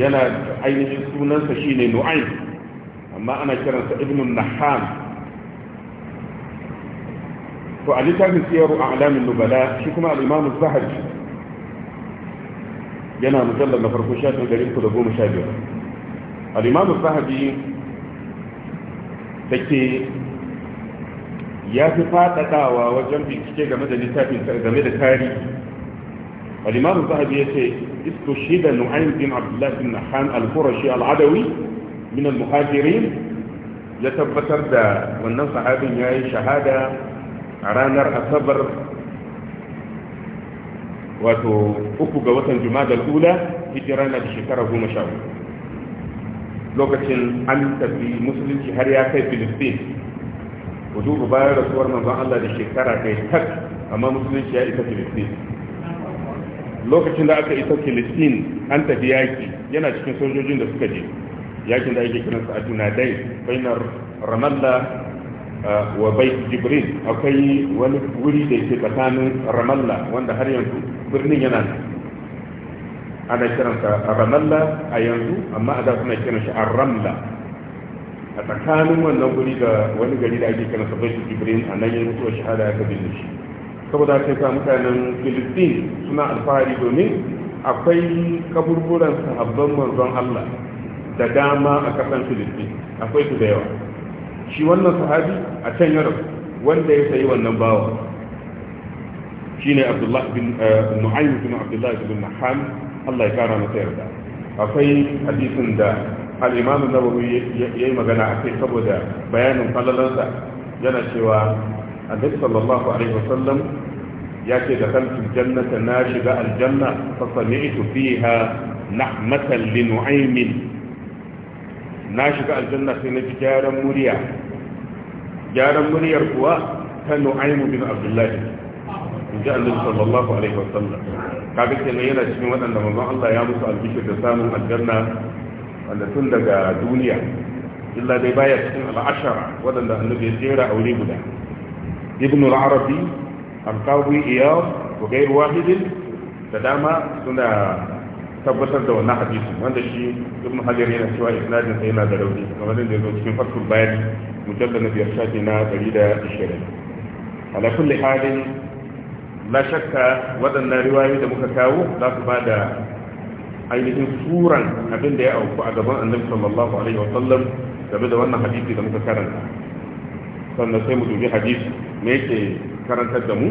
yana ainihin sunansa shine nu'ayn amma ana kiransa ibn naham to a littafin siyaru a alamin nubala shi kuma al-imam yana mujallar na farko shafin gari ku da goma sha biyar al-imam zahabi da ke ya fi faɗaɗawa wajen bincike game da littafin game da tarihi al-imam ya ce استشهد نعيم بن عبد الله بن نحان القرشي العدوي من المهاجرين يتبتر دا wannan sahabin yayi shahada a ranar asabar wato uku ga watan jumada al'ula hijira na shekara goma sha lokacin an tafi musulunci har ya kai filistin wujubu bayan rasuwar manzon Allah da shekara kai tak amma musulunci ya isa filistin lokacin da aka isa filistin an tafi yaƙi yana cikin sojojin da suka je yakin da ake kiran sa dai bainar ramallah uh, wa bai jibril akwai wani wuri da ke tsakanin ramallah wanda har yanzu birnin yana ana kiransa ramallah a yanzu amma a da suna kiran shi ramla a tsakanin wannan wuri da wani gari da ake kiransa bai jibril a nan ya mutuwa shahada ya kabin shi saboda ta sa mutanen filistin suna alfahari domin akwai kaburburan sahabban manzon Allah da dama a kasan filistin akwai su da yawa shi wannan sahabi a can yarab wanda ya sayi wannan bawa shi ne bin eh, bin bin naham Allah ya kara masa yarda akwai hadisin da al'imamin imam an-nawawi yayi magana akai saboda bayanin falalansa yana cewa النبي صلى الله عليه وسلم ياتي دخلت الجنة ناشب الجنة فسمعت فيها نعمة لنعيم ناشب الجنة في نجار مريع جار مريع هو نعيم بن عبد الله جاء النبي صلى الله عليه وسلم كابت ينينا شنوان أن من الله يامس البشر تسامن الجنة أن تندق دنيا إلا دي سنة العشرة ودن النبي سيرا أولي بدأ ibn al-arabi alkawi iyal wa gair wahidin da dama suna tabbatar da wannan hadisin wanda shi ibn hajar yana cewa isnadin sai yana da rauni kamar da yazo cikin fatul bayan mujallal na biyar shafi na 120 ala kulli halin la shakka waɗannan riwayoyi da muka kawo za su ba da ainihin suran abin da ya auku a gaban annabi sallallahu alaihi wa sallam game da wannan hadisi da muka karanta sannan سيمو mu حديث hadisi me دمو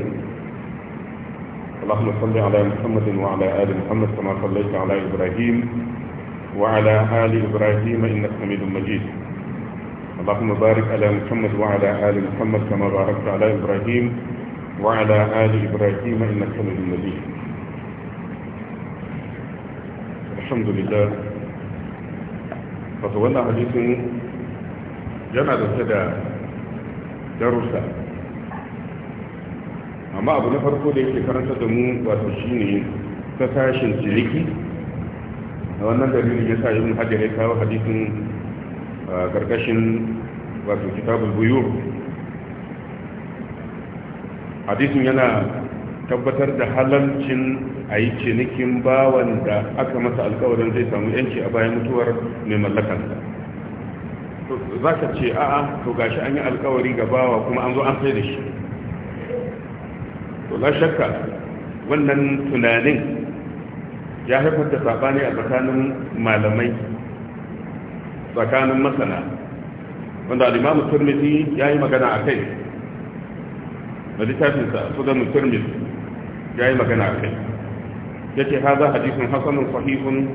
اللهم صل على محمد وعلى آل محمد كما صليت على إبراهيم وعلى آل إبراهيم إنك حميد مجيد اللهم بارك على محمد وعلى آل محمد كما باركت على إبراهيم وعلى آل إبراهيم إنك حميد مجيد الحمد لله فتولى حديث جمع الهدى darussa amma abu na farko da yake karanta da mu wato shine ta sashin ciniki a wannan dalilin ya sa yin hajar ya kawo hadisin karkashin wato kitabul buyu hadisin yana tabbatar da halalcin a yi cinikin bawan da aka masa alkawarin zai samu yanci a bayan mutuwar mai mallakansa za ka ce a'a to gashi an yi alkawari ga bawa kuma an zo an sai da shi to na shakka wannan tunanin ya haifar da sabani a tsakanin malamai tsakanin masana wanda alimamu turmiti ya yi magana a kai na littafinsa su sudan turmiti ya yi magana a kai ya ce haza hadisun hasanun sahihun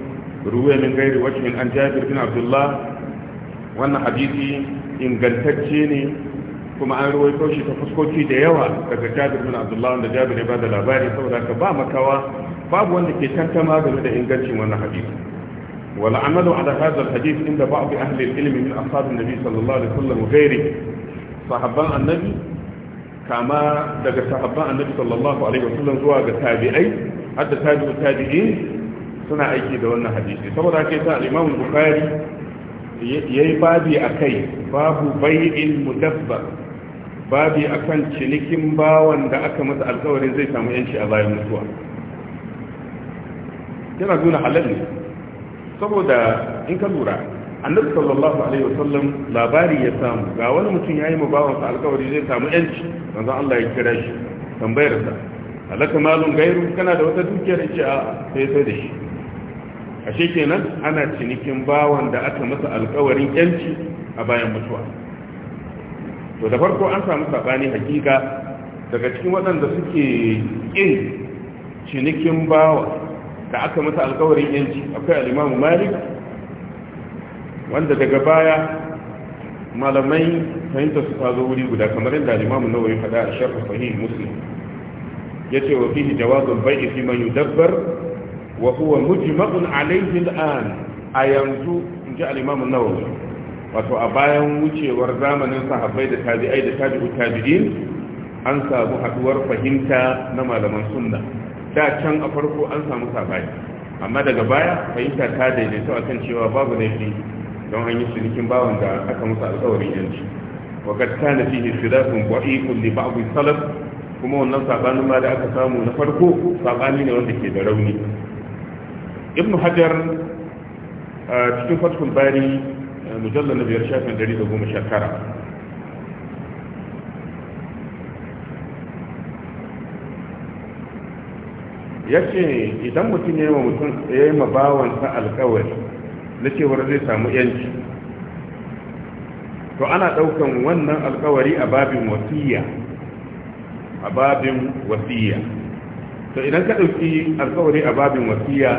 ruwe min gairi wacce an jabir bin abdullah wannan hadisi ingantacce ne kuma an ruwaito shi ta fuskoki da yawa daga jabir bin abdullahi da jabir ya bada labari saboda ka ba makawa babu wanda ke tantama game da ingancin wannan hadisi wala amalu ala hadha alhadith inda ba'd ahli alilm min ashab an-nabi sallallahu alaihi wasallam wa ghairi sahabban annabi kama daga sahabban annabi sallallahu alaihi wasallam zuwa ga tabi'ai hadda tabi'u tabi'in suna aiki da wannan hadisi saboda haka yasa al-imam bukhari ya yi babi a kai babu bai'in mudabba babi a kan cinikin bawan da aka masa alkawarin zai samu yanci a bayan mutuwa yana nuna halal ne saboda in ka lura annabi sallallahu alaihi wasallam labari ya samu ga wani mutum ya yi ma bawansa alkawari zai samu yanci manzo Allah ya kira shi tambayar sa alaka malun gairu kana da wata dukiyar ce a sai sai da shi ashe kenan ana cinikin bawan da aka masa alkawarin yanci a bayan mutuwa to da farko an samu sabani hakika daga cikin waɗanda suke kin cinikin bawa da aka masa alkawarin yanci akwai al'imamu malik wanda daga baya malamai fahimta su fazo wuri guda kamar yadda al'imamu nawa ya faɗa a sharfa fahim muslim ya ce wa fihi hijawa bai'i fi man yudabbar wa huwa mujma'un alayhi al'an a yanzu in ji wato a bayan wucewar zamanin sahabbai da tabi'ai da tabi'u tabi'in an samu haduwar fahimta na malaman sunna da can a farko an samu sabani amma daga baya fahimta ta daidaita akan cewa babu laifi don an yi cinikin bawan da aka musu alƙawarin yanci wakar ta na fiye shirafin wa'ikun da ba'abu salaf kuma wannan sabanin ma da aka samu na farko sabani ne wanda ke da rauni ibn hajar cikin fatkul bari mujallar na biyar shafin dari da goma shekara ya ce idan mutum ya yi wa mutum ya yi ma bawansa alkawari na cewar zai samu yanci to ana daukan wannan alkawari a babin wasiya a babin wasiya to idan ka ɗauki alkawari a babin wasiya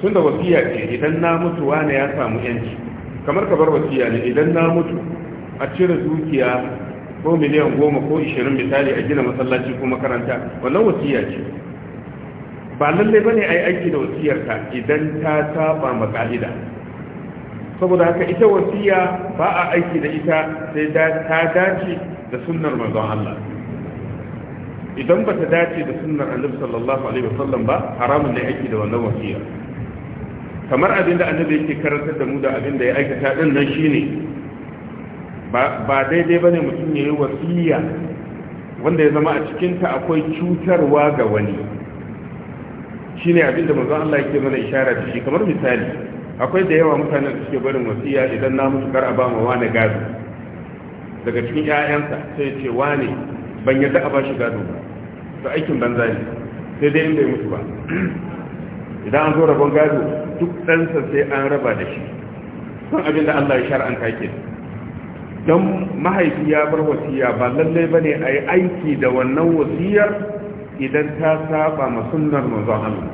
tun da wasiya ce idan na mutu wane ya samu yanci kamar ka bar wasiya ne idan na mutu a cire dukiya ko miliyan goma ko ishirin misali a gina masallaci ko makaranta wannan wasiya ce ba lallai bane a yi aiki da ta idan ta saba ma ka'ida saboda haka ita wasiya ba a aiki da ita sai ta dace da sunnar manzon Allah idan ba ta dace da sunnar annabi sallallahu alaihi wasallam ba haramun ne aiki da wannan wasiya kamar abin da annabi yake karantar da mu da abin da ya aikata din nan shine ba daidai bane mutum ya yi wasiya wanda ya zama a cikinta akwai cutarwa ga wani shine abin da manzon Allah yake mana ishara da shi kamar misali akwai da yawa mutanen da suke barin wasiya idan na mutu kar a ba ma wani gado daga cikin ƴaƴansa sai ya ce wani ban yadda a ba shi gado ba to aikin banza ne sai dai in bai mutu ba idan an zo rabon gado duk ɗansa sai an raba da shi son abin da Allah ya shar'anta ke don mahaifi ya bar wasiya ba lallai ba ne a yi aiki da wannan wasiyar idan ta saba ma sunnar manzon Allah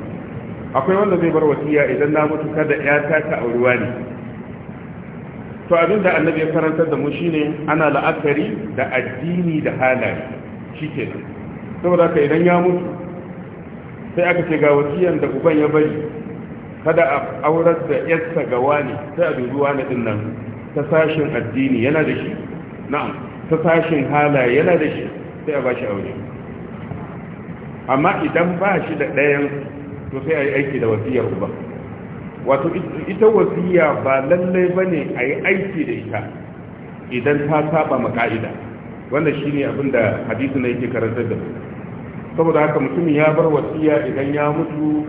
akwai wanda zai bar wasiya idan na mutu kada ya ta ta aurewa ne to abin da annabi ya karanta da mu shine ana la'akari da addini da halaye shikenan saboda haka idan ya mutu sai aka ce ga wasiyan da uban ya bari kada a aurar da yarsa ga wani sai a dubi wani din nan ta sashin addini yana da shi na'am ta sashin halaye yana da shi sai a bashi aure amma idan ba shi da ɗayan to sai a yi aiki da wasiyar uba wato ita wasiya ba lallai ba ne a yi aiki da ita idan ta saba ma ka'ida wannan shi ne abin da hadisi na yake karantar da saboda haka mutumin ya bar wasiya idan ya mutu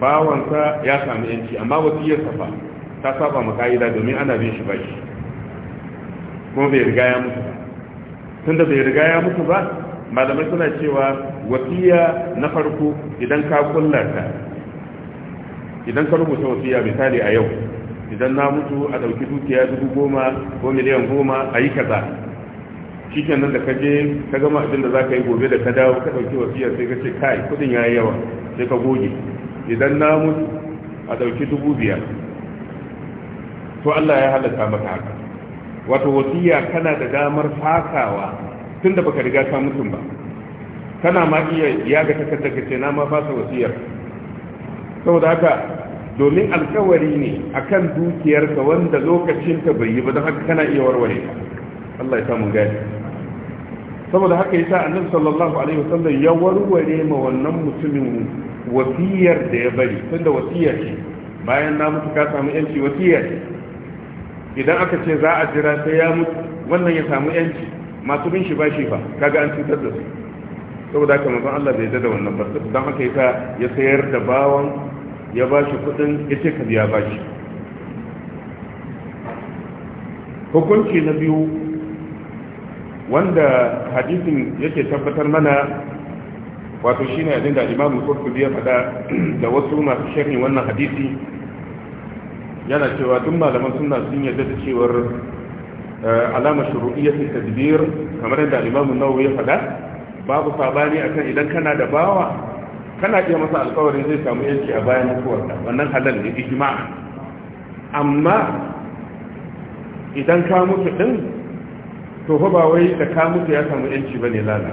bawansa ya sami yanci amma wasiyar safa ta saba mu ka'ida domin ana bin shi bashi kuma bai riga ya mutu ba tunda bai riga ya mutu ba malamai suna cewa wasiya na farko idan ka kulla ta idan ka rubuta wasiya misali a yau idan na mutu a ɗauki dukiya dubu goma ko miliyan goma a yi kaza shi kenan da ka je ka gama abin da za ka yi gobe da ka dawo ka ɗauki wasiya sai ka ce kai kudin ya yi yawa sai ka goge idan na mutu a ɗauki dubu biyar to Allah ya halatta maka haka wato wasiya kana da damar fasawa tun da baka riga ka mutum ba kana ma iya ya ga takardar ka ce na ma fasa wasiyar saboda haka domin alkawari ne akan dukiyarka wanda lokacinta bai yi ba don haka kana iya warware Allah ya samu gani saboda haka ya sa annan sallallahu alaihi wasallam ya warware ma wannan mutumin wasiyar da ya bari tunda wasiyar ce bayan na mutu ka samu yanci wasiyar, idan aka ce za a jira sai ya mutu wannan ya samu yanci masu bin shi ba shi ba kaga an cutar da su saboda haka manzon Allah bai da wannan ba don haka ya sa, ya sayar da bawan ya ba shi kudin ya ce ka biya ba shi hukunci na biyu wanda hadisin yake tabbatar mana wato ne abin da Imam Qurtubi ya faɗa da wasu masu sharhi wannan hadisi yana cewa tun malaman suna sun yarda da cewar eh, alama fi tadbir kamar yadda Imam Nawawi ya faɗa babu sabani akan idan kana da bawa kana iya masa alƙawarin zai samu yanki a bayan da, wannan halal ne ijma' amma idan ka mutu din to fa ba wai da ka mutu ya samu yanci bane lana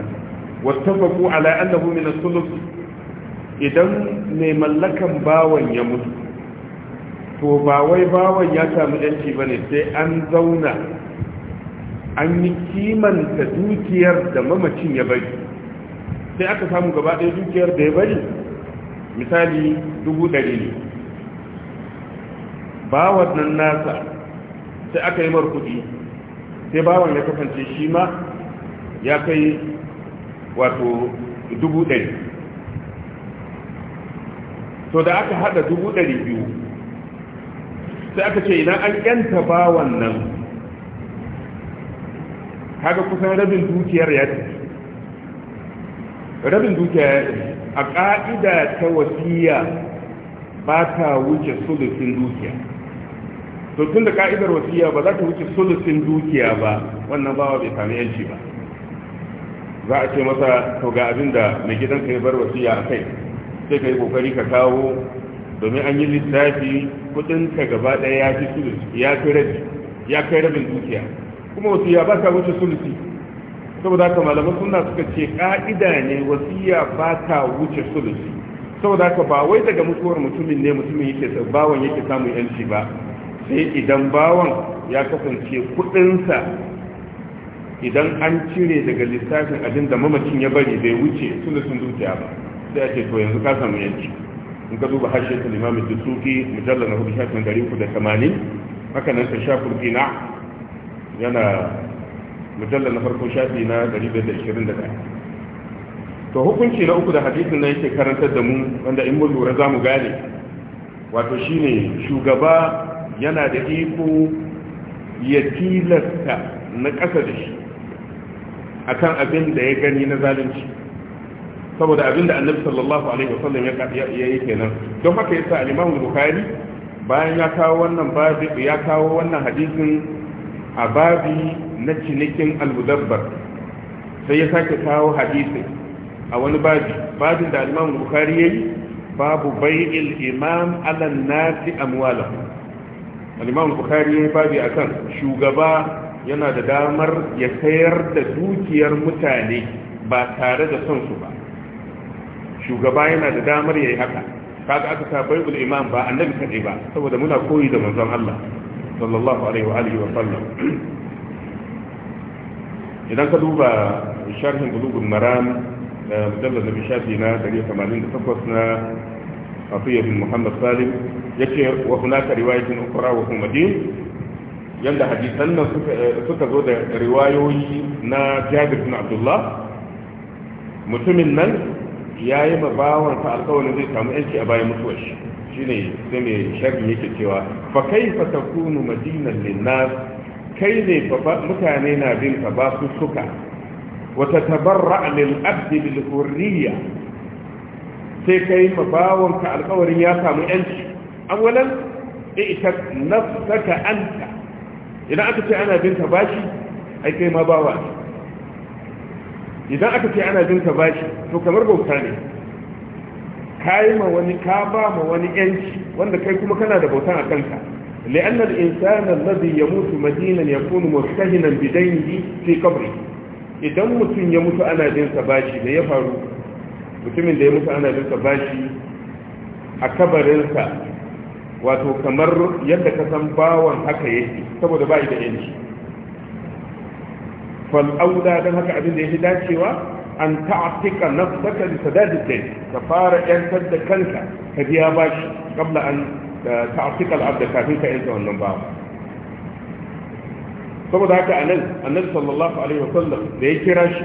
wattafaqu ala annahu min as-sulus idan mai mallakan bawan ya mutu to ba wai bawan ya samu yanci bane sai an zauna an yi kimanta dukiyar da mamacin ya bari sai aka samu gaba ɗaya dukiyar da ya bari misali dubu ɗari ne ba wannan nasa sai aka yi mar kuɗi sai bawan ya kasance shi ma ya kai wato dubu ɗari to da aka haɗa dubu ɗari biyu sai aka ce idan an yanta bawan nan kaga kusan rabin dukiyar ya ce rabin dukiyar a ƙa'ida ta wasiya ba ta wuce sulufin dukiya to tun da ka'idar wasiya ba za ta wuce sulusin dukiya ba wannan bawa bai sami yanci ba za a ce masa to ga abin da mai ka yi bar wasiya a kai sai ka yi kokari ka kawo domin an yi lissafi ka gaba ɗaya ya fi sulus ya fi rabi ya kai rabin dukiya kuma wasiya ba ta wuce sulusi saboda haka malaman suna suka ce ka'ida ne wasiya ba ta wuce sulusi saboda haka ba wai daga mutuwar mutumin ne mutumin yake bawan yake samun yanci ba sai idan bawan ya kasance kudinsa idan an cire daga lissafin abin da mamacin ya bari bai wuce tunda sun dukiya ba sai a ce to yanzu ka samu yanci in ka duba hashe ta limamin dusuki mujallar na hudu shafin dari uku da tamanin haka nan ta shafin gina yana mujallar na farko shafi na dari biyar da ishirin da ɗaya to hukunci na uku da hadisin na yake karantar da mu wanda in mu lura za mu gane wato shine shugaba yana da iko ya tilasta na ƙasa da shi a kan abin da ya gani na zalunci saboda abin da annabi sallallahu alaihi wasallam ya yi kenan don haka yasa al-Imam Bukhari bayan ya kawo wannan babi ya kawo wannan hadisin a babi na cinikin al-mudabbar sai ya sake kawo hadisin a wani babi babin da al-Imam Bukhari yayi babu bai'il imam ala nasi amwalahu al-imam bukhari ya faɗi akan shugaba yana da damar ya sayar da dukiyar mutane ba tare da son su ba shugaba yana da damar yayi haka kaga aka sa baibul imam ba annabi kadai ba saboda muna koyi da manzon Allah sallallahu alaihi wa alihi wa sallam idan ka duba sharhin bulugul maram eh, da mujallal na bishafi na 188 na Afiyah bin Muhammad Salim yake wa hunaka riwayatin ukra wa hum madin yanda hadisan nan suka zo da riwayoyi na Jabir bin Abdullah mutumin nan ya yi ma bawansa alƙawarin zai samu yanci a bayan mutuwar shi shine sai mai sharri yake cewa fa kaifa takunu madinan linnas kai ne mutane na bin ka ba su suka wata tabarra lil abdi bil hurriya sai kai ma ka alƙawarin ya samu yanci awalan ita nafsaka anta idan aka ce ana bin ka bashi ai kai ma bawa idan aka ce ana bin ka bashi to kamar bauta ne kai ma wani ka ba ma wani yanci wanda kai kuma kana da bautan a kanka لأن الإنسان الذي يموت مدينا يكون مرتهنا بدينه في قبره idan mutum ya mutu ana bin jinsa bashi da ya faru mutumin da ya mutu ana bin jinsa bashi a kabarinsa wato kamar yadda ka san bawan haka yake saboda bai da yanci fal auda dan haka abin da yake dacewa an ta'tika nafsaka li sadadid dayn ka fara yantar da kanka ka biya bashi kabla an eh, ta'tika al-abd kafin ka yanta wannan bawa saboda haka anan annabi sallallahu alaihi wasallam da ya kira shi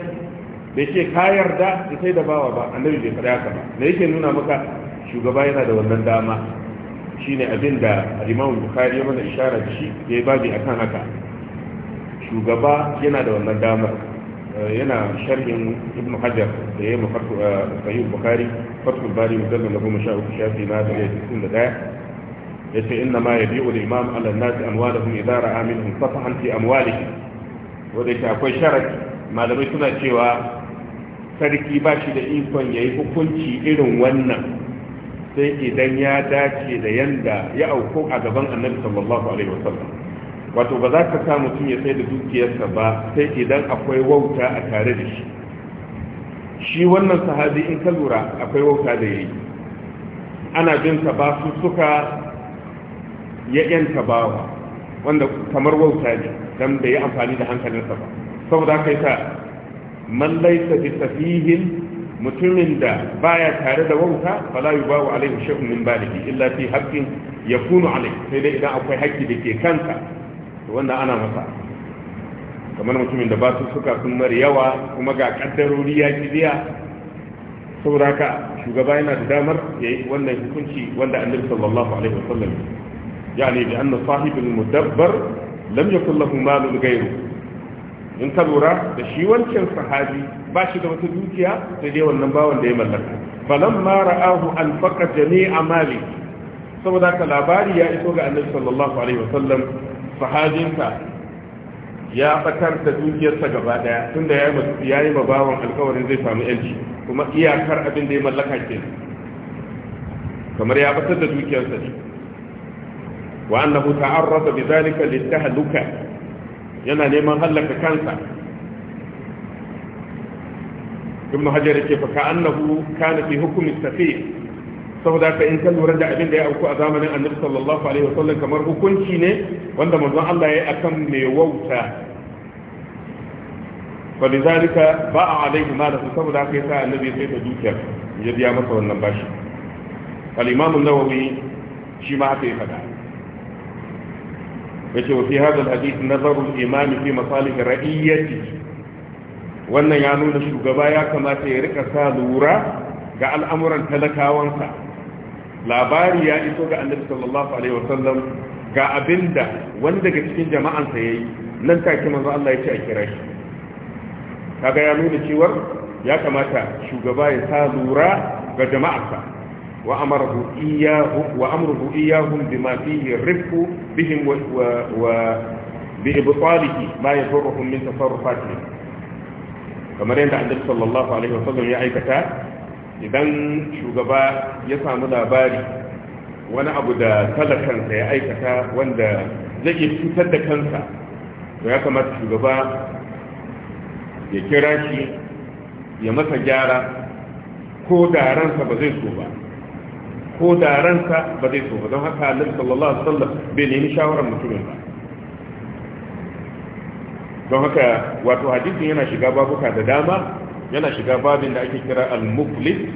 da yake ka yarda da sai da bawa ba annabi bai faɗa haka ba da yake nuna maka shugaba yana da wannan dama shine abin da imam bukari ya mana ishara da shi ya yi babi akan haka shugaba yana da wannan damar eh, yana sharhin ibn hajar da ya yi eh, sahih bukari fatul bari mujallal goma sha uku shafi na da da daya ya ce inna ma yabi'u al-imam ala an-nas amwalahum idza ra'a minhum safahan fi amwalihim wanda ke akwai sharadi malamai suna cewa sarki ba shi da ikon yi hukunci irin wannan sai idan ya dace da yanda ya auku a gaban annabi sallallahu alaihi wasallam wato ba za ka sa mutum ya sai da dukiyarsa ba sai idan akwai wauta a tare da shi shi wannan sahabi in ka lura akwai wauta da yi. ana bin sa ba su suka ya yanta bawa wanda kamar wauta ne dan bai amfani da hankalinsa ba saboda haka yasa man laysa bi safihin mutumin da baya tare da wauta fala bawa alaihi shay'un min balihi illa fi ya yakunu alaihi sai dai idan akwai haƙƙi da ke kansa to ana masa kamar mutumin da ba su suka sun mara yawa kuma ga ƙaddarori ya ki biya saboda haka shugaba yana da damar yayi wannan hukunci wanda annabi sallallahu alaihi wasallam yani bi anna sahibul mudabbar lam yakul lahu malun ghayru in ka lura da shi wancan sahabi ba shi da wata dukiya da dai wannan bawan da ya mallaka falan ma ra'ahu anfaqa jami'a mali saboda ka labari ya iso ga annabi sallallahu alaihi wasallam sahabinsa ya fatar da dukiyarsa gaba daya tunda ya yi ma bawan alkawarin zai samu yanci kuma iyakar abin da ya mallaka ke kamar ya fatar da dukiyarsa ne wa annahu ta'arrada bi zalika litahluka yana neman hallaka kansa ibn hajar ke fa ka annahu kana fi hukmi safi saboda ka in ka lura da abin da ya auku a zamanin annabi sallallahu alaihi wasallam kamar hukunci ne wanda manzon Allah ya yi akan mai wauta falizalika ba a alaihi ma da saboda haka yasa annabi ya saita dukiyar ya biya masa wannan bashi al-imam an-nawawi shi ma haka ya faɗa yace wa fi hadha alhadith nazaru al-imam fi masalih ra'iyyati wannan ya nuna shugaba ya kamata ya rika sa lura ga al'amuran talakawansa labari ya iso ga annabi sallallahu alaihi wasallam ga abinda wanda daga cikin jama'ansa yayi nan take manzo Allah ya ce a kira shi kaga ya nuna cewa ya kamata shugaba ya sa lura ga jama'arsa wa amruhu iyyahu wa amruhu iyyahum bima fihi rifqu bihim wa wa bi ibtalihi ma yadurruhum kamar yadda annabi sallallahu alaihi wasallam ya aikata idan shugaba ya samu labari wani abu da talakansa ya aikata wanda zai iya cutar da kansa to ya kamata shugaba ya kira shi ya masa gyara ko da ransa ba zai so ba ko da ransa ba zai so ba don haka annabi sallallahu alaihi wasallam bai nemi shawaran mutumin ba don haka wato hadisin yana shiga babuka da dama yana shiga babin da ake kira al-muflis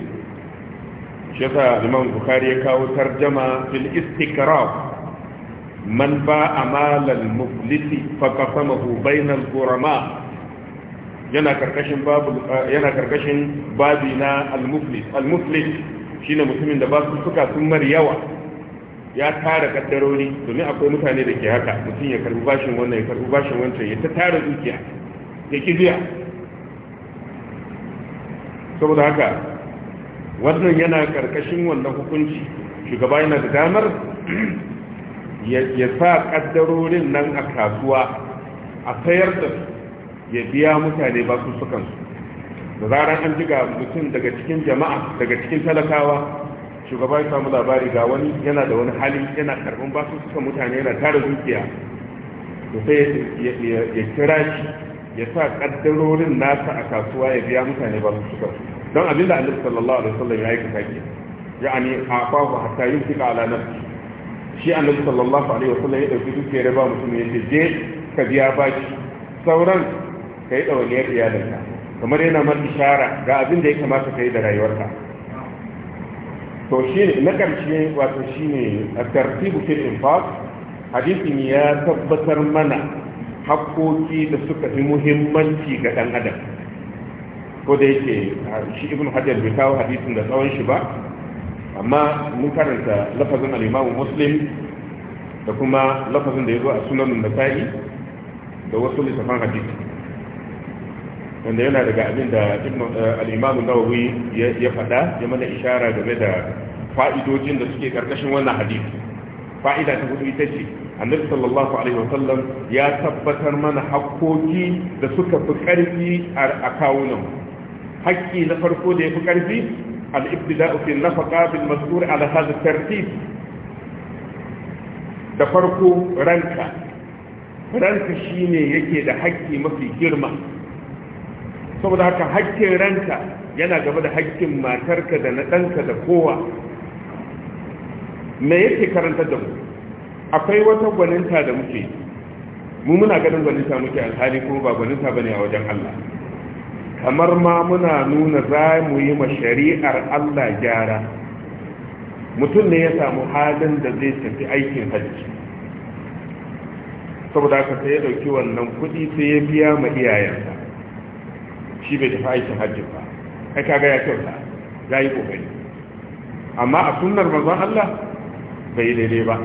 shi yasa Imam Bukhari ya kawo tarjama fil istiqrar man ba amal al-muflis fa qasamahu bayna al-qurama yana karkashin babu yana karkashin babi na al-muflis al-muflis shine mutumin da ba su suka sun mar yawa ya tara kaddarori domin akwai mutane da ke haka mutum ya karbi bashin wannan ya karbi bashin wancan ya ta tara dukiya ya ki biya saboda haka wannan yana karkashin wannan hukunci shugaba yana da damar <clears throat> ya sa kaddarorin nan a kasuwa a sayar da ya biya mutane ba su sukansu da zarar an jiga mutum daga cikin jama'a daga cikin talakawa shugaba ya samu labari ga wani yana da wani hali yana karbin basu suka mutane yana tara zuciya to sai ya kira shi ya sa kaddarorin nasa a kasuwa ya biya mutane ba su suka don abin da annabi sallallahu alaihi wasallam ya ya ani a afahu hatta yunfika ala nafsi shi annabi sallallahu alaihi wasallam ya dauki ba mutum ya ce je ka biya baki sauran kai dawaliyar iyalinka kamar yana mar ishara ga abin da ya kamata ka yi da rayuwarka to shi ne na ƙarshe wato shi ne a tartibu fil infaq hadisin ya tabbatar mana haƙoƙi da suka fi muhimmanci ga ɗan adam ko da yake shi ibn hajar bai kawo hadisin da tsawon shi ba amma mun karanta lafazin alimamu muslim da kuma lafazin da ya zo a ta yi da wasu littafan hadisi wanda yana daga abin da eh, al'imamu nawawi ya faɗa ya mana ishara game da fa'idojin da suke ƙarƙashin wannan hadisi fa'ida ta hudu ita ce annabi sallallahu alaihi wasallam ya tabbatar mana hakkoki da suka fi ƙarfi a kawunan hakki na farko da ya fi ƙarfi al-ibtida'u fi nafaqa bil mas'ul ala hadha tartib da farko ranka ranka shine yake da hakki mafi girma saboda haka hakkin ranka yana gaba da hakkin matarka da na ɗanka da kowa me yake karanta da mu akwai wata gwaninta da muke mu muna ganin gwaninta muke alhali kuma ba gwaninta bane a wajen Allah kamar ma muna nuna za mu yi ma shari'ar Allah gyara mutum ne ya samu halin da zai tafi aikin hajji saboda haka sai ya ɗauki wannan kuɗi sai ya biya ma iyayensa shi bai tafi aikin hajji ba kai kaga ya kyauta ya yi kokari amma a sunnar manzon Allah bai daidai ba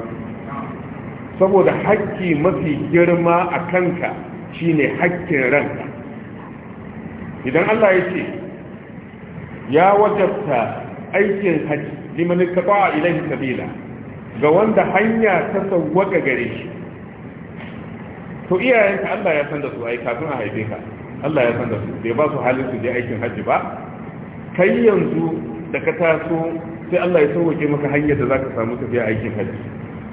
saboda hakki mafi girma a kanka shine hakkin ranka idan Allah ya ce ya wajabta aikin hajji liman kafa ilahi sabila ga wanda hanya ta sauwaka gare shi to iyayenka Allah ya san da su ai kafin a haife ka Allah ya san da su bai ba su halin su je aikin hajji ba kai yanzu da ka taso sai Allah ya sauke maka hanyar da ka samu tafiya aikin hajji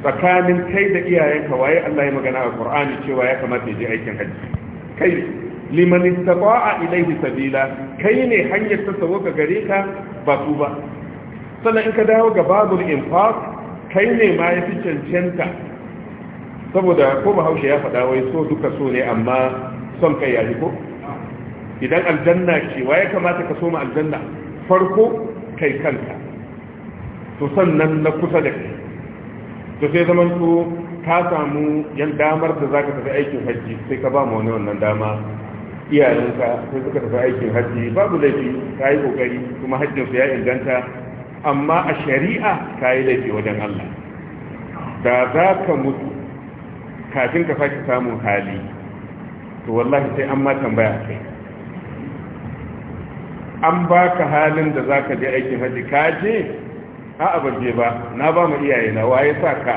tsakanin kai da iyayenka waye Allah ya magana a Qur'ani cewa ya kamata ya je aikin hajji kai liman istata'a ilayhi sabila kai ne hanyar ta sauka gare ka ba su ba sannan in ka dawo ga babul infaq kai ne ma ya fi cancanta saboda ko bahaushe ya faɗa wai so duka so ne amma son kai ya ko idan aljanna ce wa ya kamata ka soma aljanna farko kai kanka to sannan na kusa da kai to sai zaman su ka samu yan damar da zaka tafi aikin hajji sai ka ba mu wani wannan dama iyayenka sai suka tafi aikin hajji babu laifi ka yi kokari kuma hajjinsu ya inganta amma a shari'a ka yi laifi wajen Allah da za ka mutu kafin ka fashe samun hali to wallahi sai an ma tambaya kai an baka halin da zaka je aikin haji ka je a ban je ba na ba mu iyaye na waye sa ka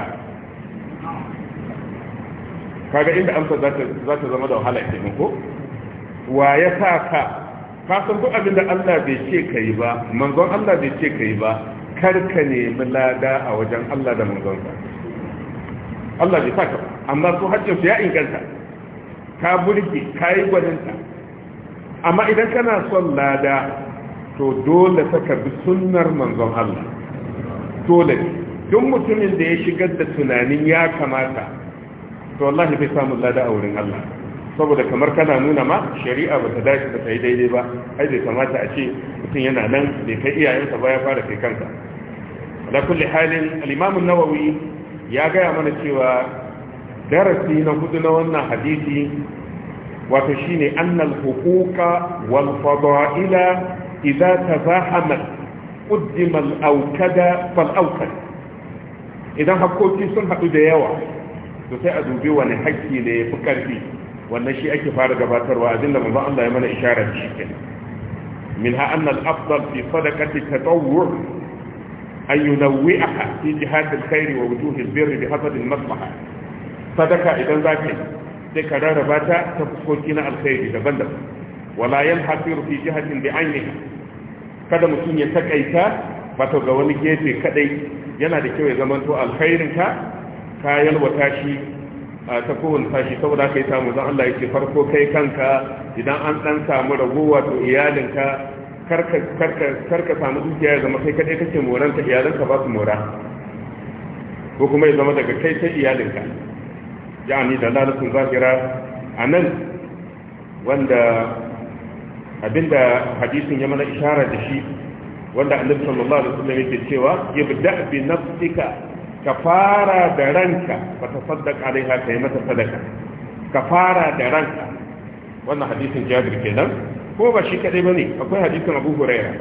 kaga inda amsa za ta zama da wahala ke ko waye sa ka ka san duk abin da Allah bai ce kai ba manzon Allah bai ce kai ba karka nemi lada a wajen Allah da manzon sa Allah bai sa ka amma su hajjin ya inganta ka burge ka yi gwaninta amma idan kana son lada to dole saka bi sunnar manzon Allah dole duk mutumin da ya shigar da tunanin ya kamata to wallahi bai samu lada a wurin Allah saboda kamar kana nuna ma shari'a ba ta dace ba ta yi daidai ba ai bai kamata a ce mutum yana nan bai kai iyayensa ba ya fara kai kanka ala kulli halin al-imam an-nawawi ya gaya mana cewa darasi na hudu na wannan hadisi wato shine annal huquqa wal fada'ila idza tazahamat qaddima al awkada fal awkad idan hakoki sun hadu da yawa to sai a dubi wani haƙƙi ne ya fi karfi wannan shi ake fara gabatarwa abin da manzo Allah ya mana isharar shi kenan Min ha fi منها أن الأفضل في صدقة التطوع أن ينوعها في جهات الخير ووجوه البر بحسب المصلحة صدقة إذا ذاك sai ka rarraba ta ta fuskoki na alkhairi daban-daban wala hafiru fi jihatin bi ainihi kada mutum ya takaita bata ga wani gefe kadai yana da kyau ya to alkhairin ka ka yalwata shi ta kowane sashi saboda kai samu zan Allah yake farko kai kanka idan an dan samu raguwa to iyalinka karka karka karka samu dukiya ya zama kai kadai kake moranta iyalinka ba su mora ko kuma ya zama daga kai sai iyalinka yani lalatun zahira a nan wanda abinda hadisin ya mana ishara da shi wanda annabi sallallahu alaihi wasallam yake cewa ibda bi nafsika ka fara da ranka fa tasaddaq alaiha kai mata sadaka ka fara da ranka wannan hadisin Jabir kenan ko ba shi kadai bane akwai hadisin Abu Hurairah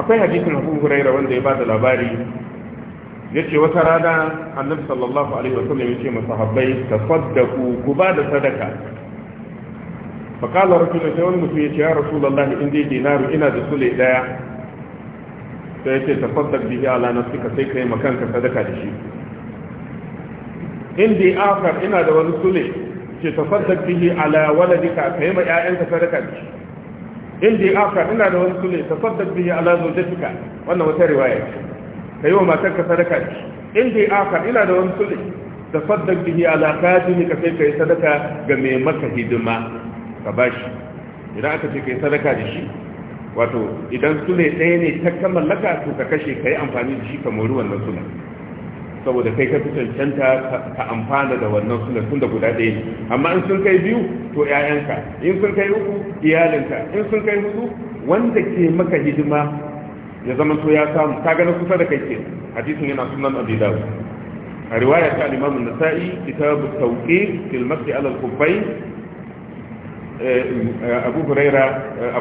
akwai hadisin Abu Hurairah wanda ya bada labari yace wata rana annabi sallallahu alaihi wasallam yace masahabbai tasaddaku ku ba da sadaka fa qala rasulullahi sai wani mutum yace ya rasulullahi in dai dinaru ina da sule daya sai yace tasaddaq bihi ala nafsika sai kai makanka sadaka da shi in dai akar ina da wani sule ce tasaddaq bihi ala waladika kai ma ƴaƴanka sadaka da shi in dai akar ina da wani sule tasaddaq bihi ala zawjatika wannan wata riwaya ce ka yi wa matarka sadaka da shi in dai aka ina da wani sulhi da faddar bihi ala kajin ka sai ka yi sadaka ga mai maka hidima ka ba shi idan aka ce ka yi sadaka da shi wato idan sulhi ɗaya ne ta kamallaka to ka kashe ka yi amfani da shi ka mori wannan sulhi saboda kai ka fi cancanta ka amfana da wannan sunan tun da guda ɗaya ne amma in sun kai biyu to ƴaƴanka in sun kai uku iyalinka in sun kai hudu wanda ke maka hidima ya zama to ya samu kaga na kusa da kai ke hadisin yana sunan abi dawo a riwaya ta al nasai kitabu tawqi fil masjid ala al-qubbayn abu huraira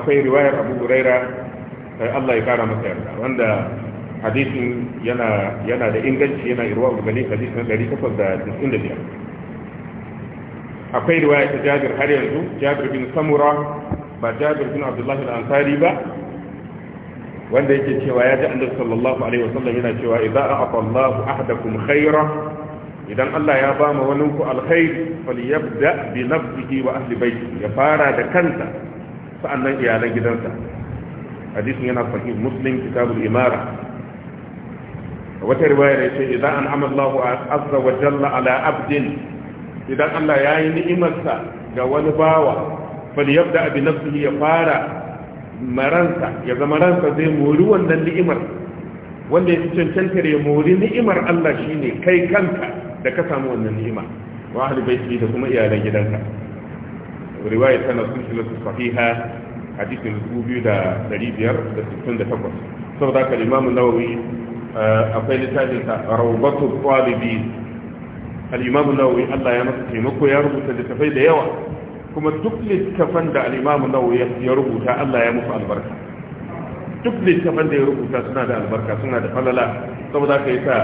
akwai riwayar abu huraira Allah ya kara masa yarda wanda hadisin yana yana da inganci yana irwa gani hadisin 895 akwai riwaya ta Jabir har yanzu Jabir bin Samura ba Jabir bin abdullahi al-Ansari ba wanda yake cewa ya ji annabi sallallahu alaihi wasallam yana cewa idza a'ata Allahu ahadakum khaira idan Allah ya ba mu wani ku alkhair falyabda bi nafsihi wa ahli baiti ya fara da kansa sa'annan iyalan gidansa hadisin yana sahih muslim kitabul imara wata riwaya da ce idan an'ama Allahu azza wa jalla ala abdin idan Allah ya yi ni'imarsa ga wani bawa falyabda bi nafsihi ya fara maransa ya zama ransa zai mori wannan ni'imar wanda ya fi cancantar ya mori ni'imar Allah shi ne kai kanka da ka samu wannan ni'ima wa ahli baiti da kuma iyalan gidanka riwaya tana sun sulhulatu sahiha hadisin 2568 da ka Imam Nawawi eh, akwai littafin sa Rawbatu kwalibi. al-Imam Nawawi Allah ya masa taimako ya rubuta littafai da yawa kuma duk littafan da al-Imam ya rubuta Allah ya musu albarka duk littafan da ya rubuta suna da albarka suna da falala saboda yi sa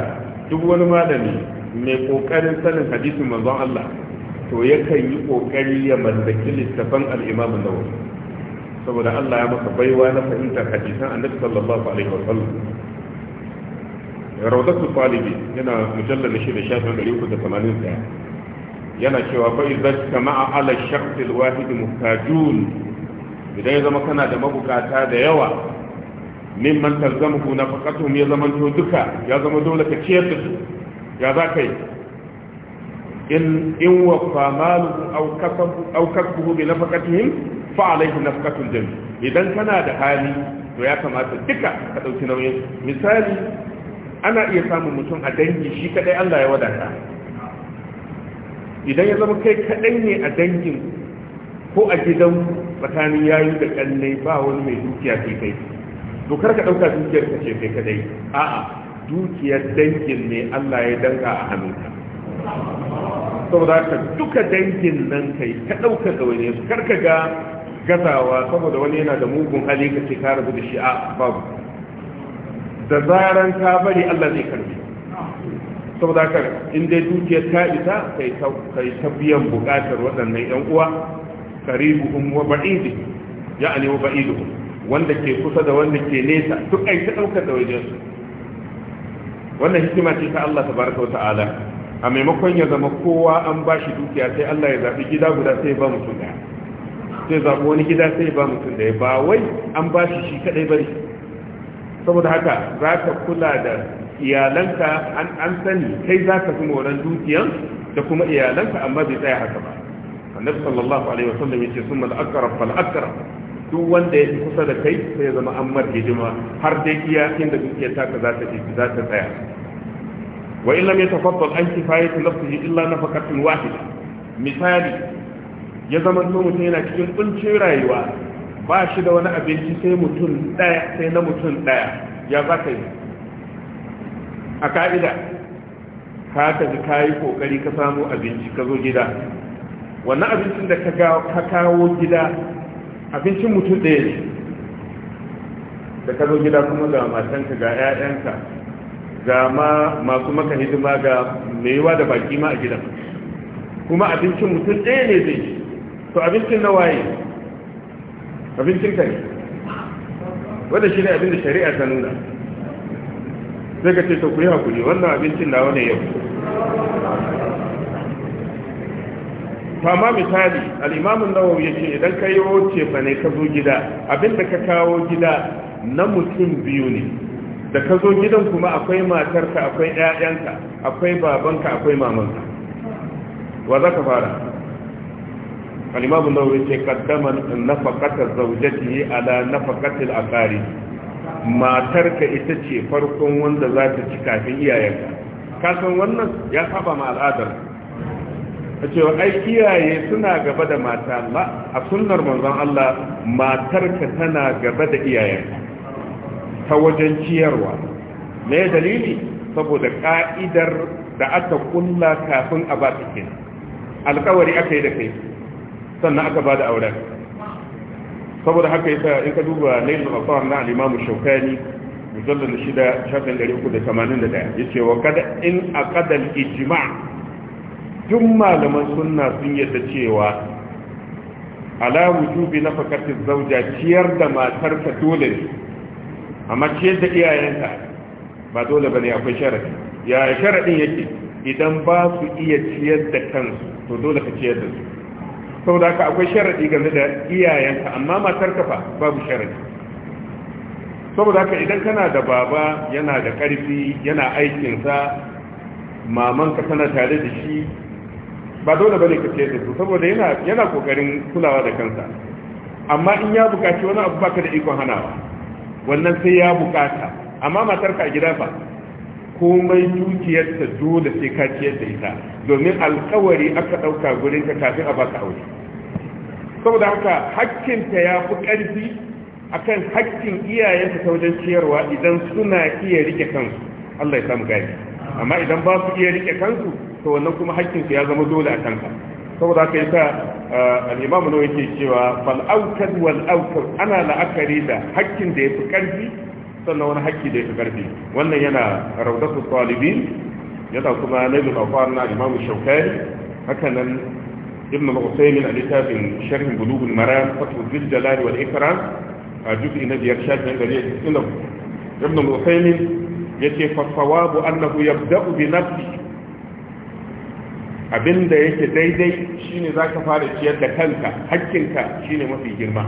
duk wani malami mai kokarin sanin hadisin manzon Allah to yakan yi kokari ya mallaki littafan al-Imam saboda Allah ya masa baiwa na fahimtar hadisan Annabi sallallahu alaihi wasallam rawdatu talibi yana mujallal shi da shafin 381 yana cewa fa idza jama'a ala shakhs alwahid muhtajun idan ya zama kana da mabukata da yawa mimman talzamuhu nafaqatuhum ya zama to duka ya zama dole ka ciyar da su ya za ka yi in in wafa maluhu aw kasabu aw kasbuhu bi nafaqatihim fa alayhi nafaqatul jami idan kana da hali to ya kamata duka ka dauki nauyin misali ana iya samun mutum a dangi shi kadai Allah ya wadata idan ya zama kai kaɗai ne a dangin ko a gidan tsakanin yayu da kalle ba wani mai dukiya ke kai to ka ɗauka dukiyar ka ce kai kaɗai a'a dukiyar dangin ne Allah ya danga a hannunka saboda ka duka dangin nan kai ka ɗauka da wani su kar ka ga gazawa saboda wani yana da mugun hali ka ce ka rabu da shi a babu da zaran ka bari Allah zai karbi saboda haka in dai dukiyar ta isa kai ta biyan bukatar waɗannan yan uwa qaribuhum wa ba'iduhum ya'ani wa ba'idu. wanda ke kusa da wanda ke nesa duk ai ta daukar da wajen su wannan hikima ce ta Allah tabaraka wa ta'ala a maimakon ya zama kowa an ba shi dukiya sai Allah ya zaɓi gida guda sai ba mutum ɗaya sai zaɓi wani gida sai ba mutum ɗaya ba wai an ba shi shi kaɗai ba saboda haka za ka kula da iyalanka an sani kai za ka fi moran dukiyan da kuma iyalanka amma bai tsaya haka ba annabi sallallahu alaihi wasallam yace summa al-akram fal akram duk wanda ya kusa da kai sai ya zama an mar hidima har dai iya inda dukiyar ka za ta za ta tsaya wa in lam yatafaddal an kifayati nafsihi illa nafaqatan wahida misali ya zama to mutum yana cikin kuncin rayuwa ba shi da wani abinci sai mutum daya sai na mutum daya ya za ka yi a ka'ida ka tafi ka yi kokari ka samu abinci ka zo gida wannan abincin da ka kawo gida abincin mutum ɗaya ne da ka zo gida kuma ga matanka ga 'ya'yanka ga ma masu maka hidima ga maiwa da baki ma a gidan kuma abincin mutum ɗaya ne zai to abincin na waye abincin ka ne wadda shi ne abin da shari'a ta nuna sai ka ce to ku yi hakuri wannan abincin nawa ne yau fama misali al'imamun nawa ya ce idan ka yi roce fa ne ka zo gida abinda ka kawo gida na mutum biyu ne da ka zo gidan kuma akwai matarka akwai 'ya'yanka akwai babanka akwai mamanka wa za ka fara al'imamun nawa ya ce kaddama nafakatar zaujatihi ala nafakatar akari matarka ita ce farkon wanda za ta ci kafin iyayenka kasan wannan ya saba ma al'adar a cewa ai iyaye suna gaba da mata ba a sunnar manzon Allah matarka tana gaba da iyayenka ta wajen ciyarwa me dalili saboda ka'idar da aka kulla kafin a ba alkawari aka yi da kai sannan aka ba da auren saboda haka yasa in ka duba lailul asar na al-imam shaukani mujallal shida shafin 381 yace wa kada in aqada al-ijma' duk malaman sunna sun yadda cewa ala wujubi nafaqati zawja ciyar da matarka dole ne amma ciyar da iyayenka ba dole bane akwai sharadi ya sharadin yake idan ba su iya ciyar da kansu to dole ka ciyar da su saboda haka akwai sharadi game da iyayenka amma matar fa babu sharadi saboda haka idan kana da baba yana da karfi yana aikinsa mamanka tana tare da shi ba dole bane ka ce da su saboda yana yana kokarin kulawa da kansa amma in ya bukaci wani abu baka da ikon hanawa wannan sai ya bukata amma matar a gida fa komai dukiyarta dole sai ka ciyar da ita domin alkawari aka ɗauka gurin ka kafin a baka aure saboda haka hakkinta ya fi ƙarfi akan hakkin iyayenta, ta wajen ciyarwa idan suna iya rike kansu Allah ya samu gani amma idan ba su iya rike kansu to wannan kuma hakkinsu ya zama dole a kanka saboda haka yasa eh, al-imam nawawi yake cewa fal aukad wal aukad ana la'akari da hakkin da yafi ƙarfi sannan wani hakki da ya fi ƙarfi wannan yana raudatu talibin yana kuma nailul afar na imam shaukari haka nan ibn al-usaymin a littafin sharhin bulugul maram fatu zil jalali wal ikram a juz'i na biyar shafin gari ibn al-usaymin yace fa sawabu annahu yabda'u bi nafsihi abinda yake daidai shine ka fara ciyar da kanka hakkinka shine mafi girma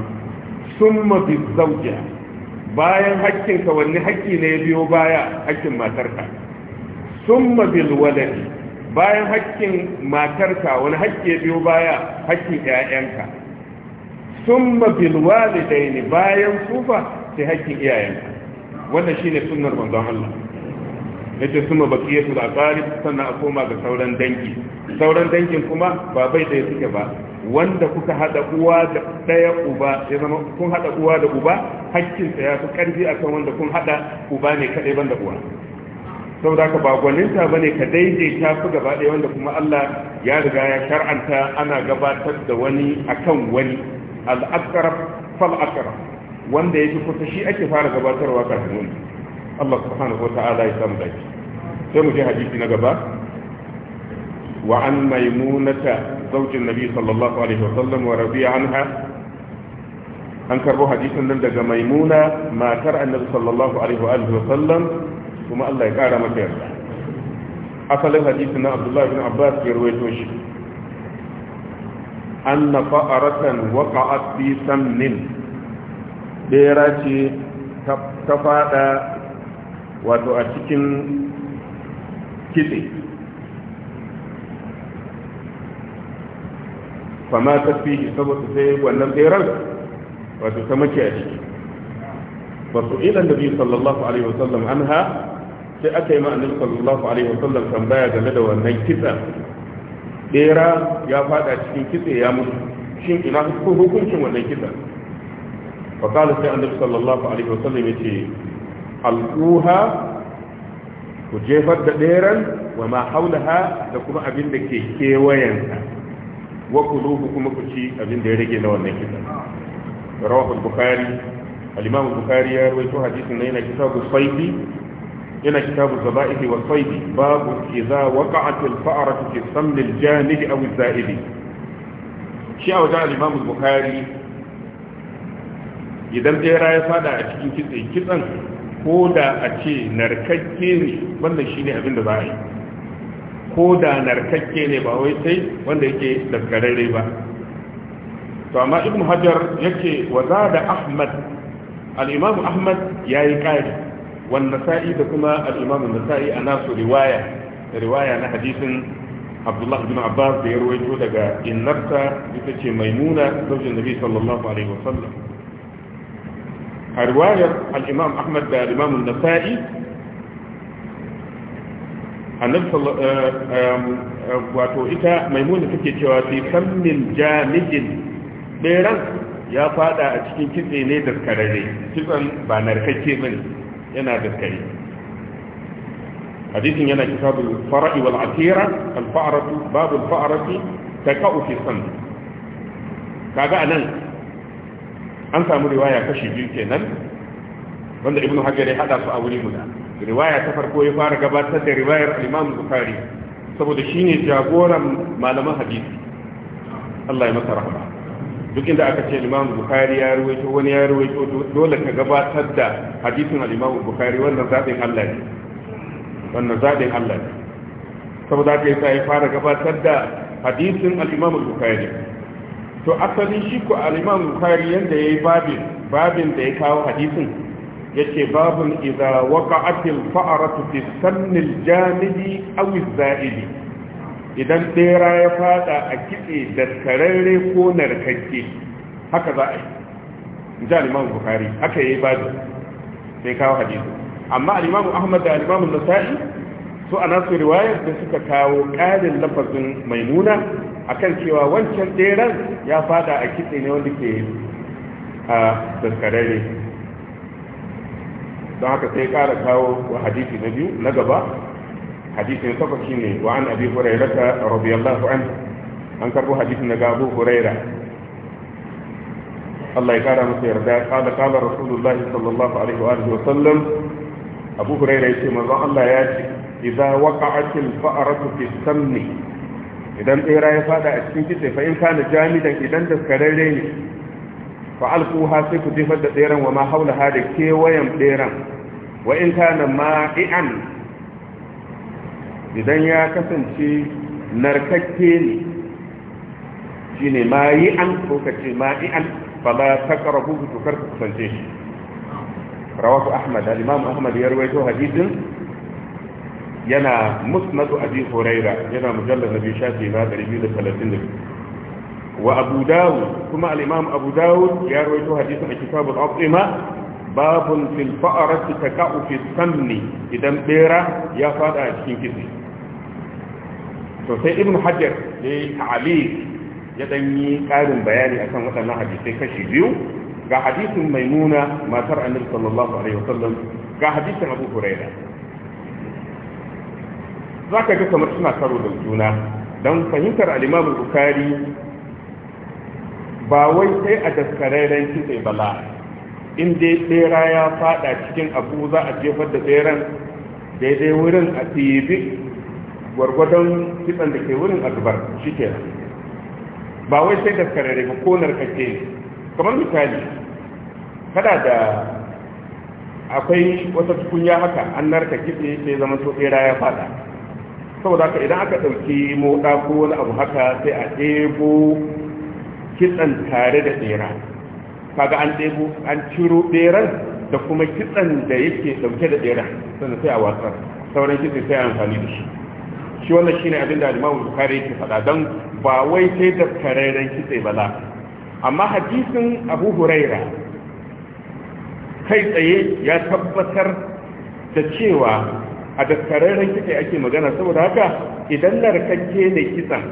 summa bi zawjiha bayan hakkinka wanne hakki ne ya biyo baya hakkin matarka summa bil waladi bayan hakkin matarka wani hakki ya biyo baya hakkin ƴaƴanka summa bil walidaini bayan kufa sai hakkin iyayenka wannan shine sunnar manzon Allah yace kuma baqiyatu al-aqarib sannan a koma ga sauran dangi sauran dangin kuma ba bai da suke ba wanda kuka hada uwa da daya uba ya zama kun hada uwa da uba hakkin ya fi karfi akan wanda kun hada uba ne kadai banda uwa saboda ka ba gwaninta bane ka daidaita fi gaba ɗaya wanda kuma Allah ya riga ya kar'anta ana gabatar da wani akan wani al-aqrab fal aqrab wanda yake kusa shi ake fara gabatarwa kafin wani Allah subhanahu wa ta'ala ya samu dace sai mu je hadisi na gaba wa an maimunata zaujin nabi sallallahu alaihi wa sallam wa rabi'a anha an karbo hadisin nan daga maimuna matar annabi sallallahu alaihi wa sallam kuma Allah ya kara mata yarda asalin hadisin na Abdullahi bin Abbas ya rawaito shi anna fa'aratan waqa'at fi samnin bera ce ta fada wato a cikin kitse fama ta fi saboda sai wannan tseren wato ta mace a ciki ba su ilan da biyu sallallahu alaihi wasallam an ha sai aka yi ma'anin sallallahu alaihi wasallam tambaya game da wannan kitsen bera ya fada cikin kitse ya mutu shin ina hukuncin wannan kitsen fa kala sai annabi sallallahu alaihi wasallam ya ce alquha ku jefar da ɗeran wa ma haulaha da kuma abin da ke kewayenta wa ku kuluhu kuma ku ci abin da ya rage na wannan kitan rawahu al-bukhari al bukhari ya rawaito hadisin na yana kitabu saidi yana kitabu zabaihi wa saidi babu idza waqa'at al-fa'ratu fi samn al-janib aw al-za'idi shi a wajen al-imam bukhari idan ɗera ya fada a cikin kitse kitsan ko da a ce narkakke ne wannan shi ne abin da ba a yi ko da narkakke ne ba wai sai wanda yake daskararre ba to amma ibn hajar yake waza da ahmad al-imam ahmad ya yi ƙari wanda sa'i da kuma al-imam nasa'i a nasu riwaya riwaya na hadisin abdullah bin abbas da ya ruwaito daga innarta ita ce maimuna zaujin nabi sallallahu alaihi wasallam الرواية الإمام أحمد الإمام النسائي النفس آه، آه، واتوئتا ميمونة في جواسي فم الجامج بيران يا فادا أتكين كذي نيدر كاريلي كذن بانركي كيمن ينادر كاريلي حديث ينا كتاب الفرع والعثيرة الفأرة باب الفأرة تكأ في الصند كذا أنا an samu riwaya kashi biyu kenan wanda ibnu hajar ya hada su a wuri guda riwaya ta farko ya fara gabatar da riwayar al-imam bukhari saboda shine jagoran malaman hadisi Allah ya masa rahama duk inda aka ce imam bukhari ya ruwaito wani ya ruwaito dole ka gabatar da hadisin al-imam bukhari wannan zaɓin Allah ne wannan zaɓin Allah ne saboda haka ya fara gabatar da hadisin al-imam bukhari to asali shi ko al-imam bukhari yanda yayi babin babin da ya kawo hadisin yace babun idza waqa'atil fa'ratu fi sannil jamidi aw az-za'idi idan bera ya fada a kitse da daskararre ko narkakke haka za a yi inji al-imam bukhari haka yayi babin sai kawo hadisin amma al-imam ahmad da al-imam nasai su a nasu riwayar da suka kawo ƙarin lafazin maimuna a kan cewa wancan tseren ya fada a kitse ne wanda ke a daskarare don haka sai ƙara kawo wa hadisi na biyu na gaba hadisi na takwas ne, wa an abi huraira ta radiyallahu an an karbo hadisi na gabo huraira Allah ya kara masa yarda qala qala rasulullahi sallallahu alaihi wa alihi wa sallam abu ya ce manzon Allah ya ce idza waqa'atil fa'ratu fi samni idan tsira ya fada a cikin kitse fa in kana jamidan idan da daskararre ne fa alquha sai ku jefar da tseren wa ma haula ha da kewayen tseren wa in kana ma'i'an idan ya kasance narkakke ne shine ma'i'an ko kace ma'i'an fa la taqrabu bi tukar kusance shi rawahu ahmad al-imam ahmad ya rawaito hadithin yana musnadu abi huraira yana mujallar nabi shafi na 232 wa abu dawud kuma al-imam abu dawud ya rawaito hadisin a kitabul azima babun fil fa'arati taka'u fi samni idan bera ya fada a cikin kitse to sai ibn hajar yayi ta'ali ya dan yi karin bayani akan waɗannan hadisai kashi biyu ga hadisin maimuna matar annabi sallallahu alaihi wasallam ga hadisin abu huraira za ka ga kamar suna karo da juna don fahimtar alimamin bukari ba wai sai a daskararren kitse bala in dai tsera ya fada cikin abu za a jefar da tseren daidai wurin a tsibi gwargwadon kitsan da ke wurin a zubar shi ke ba wai sai daskararren ba ko narkake kamar misali kada da akwai wata tukunya haka an narka kitse sai zama so tsera ya fada saboda haka idan aka ɗauki moɗa ko wani abu haka sai a ɗebo kitsan tare da ɗera kaga an ɗebo an ciro ɗeran da kuma kitsan da yake ɗauke da ɗera sannan sai a watsar sauran kitsan sai a amfani da shi shi wannan shine abin da alimamu bukari yake faɗa don ba wai sai da kararren kitse ba la amma hadisin abu huraira kai tsaye ya tabbatar da cewa a daskararren kitse ake magana saboda haka idan narkakke ne kitsan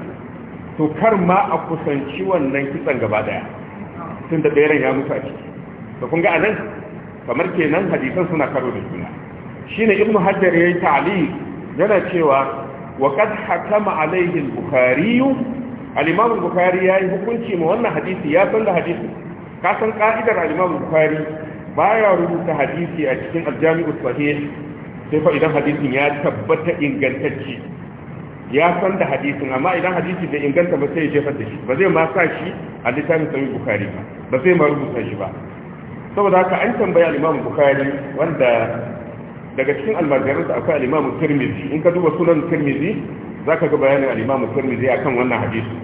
to kar ma a kusanci wannan kitsan gaba daya tun da ɗayan ya mutu a ciki da kun ga anan kamar kenan hadisan suna karo da juna shine ibnu hajar yayi ta'ali yana cewa wa qad hakama alaihi al-bukhari al-imam al hukunci ma wannan hadisi ya san da hadisi ka san ka'idar al-imam al-bukhari baya rubuta hadisi a cikin aljami'u jamiu sahih sai fa idan hadisin ya tabbata ingantacci, ya san da hadisin amma idan hadisin da inganta ba sai ya jefa da shi ba zai ma sa shi a littafin sahih bukhari ba ba zai ma rubuta shi ba saboda haka an tambaya al-imam bukhari wanda daga cikin almajiransa akwai al-imam tirmidhi in ka duba sunan tirmidhi zaka ga bayanin al-imam tirmidhi akan wannan hadisi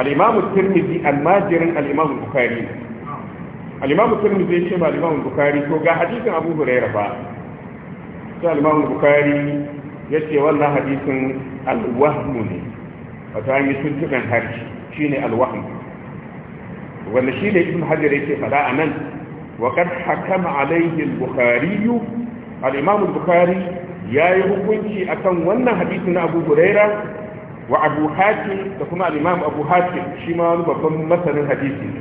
al-imam tirmidhi almajirin al-imam bukhari al-imam tirmidhi ya ce ma al-imam bukhari ga hadisin abu hurairah ba sai al-imam ya ce wannan hadisin al ne Wata yi tuntuban harshe shine al-wahm wanda ne ibn hajar yake fada anan wa qad hakama alayhi al al-imam al-bukhari yayi hukunci akan wannan hadisin abu huraira wa abu da kuma al-imam abu hatim shi ma wani babban masanin hadisi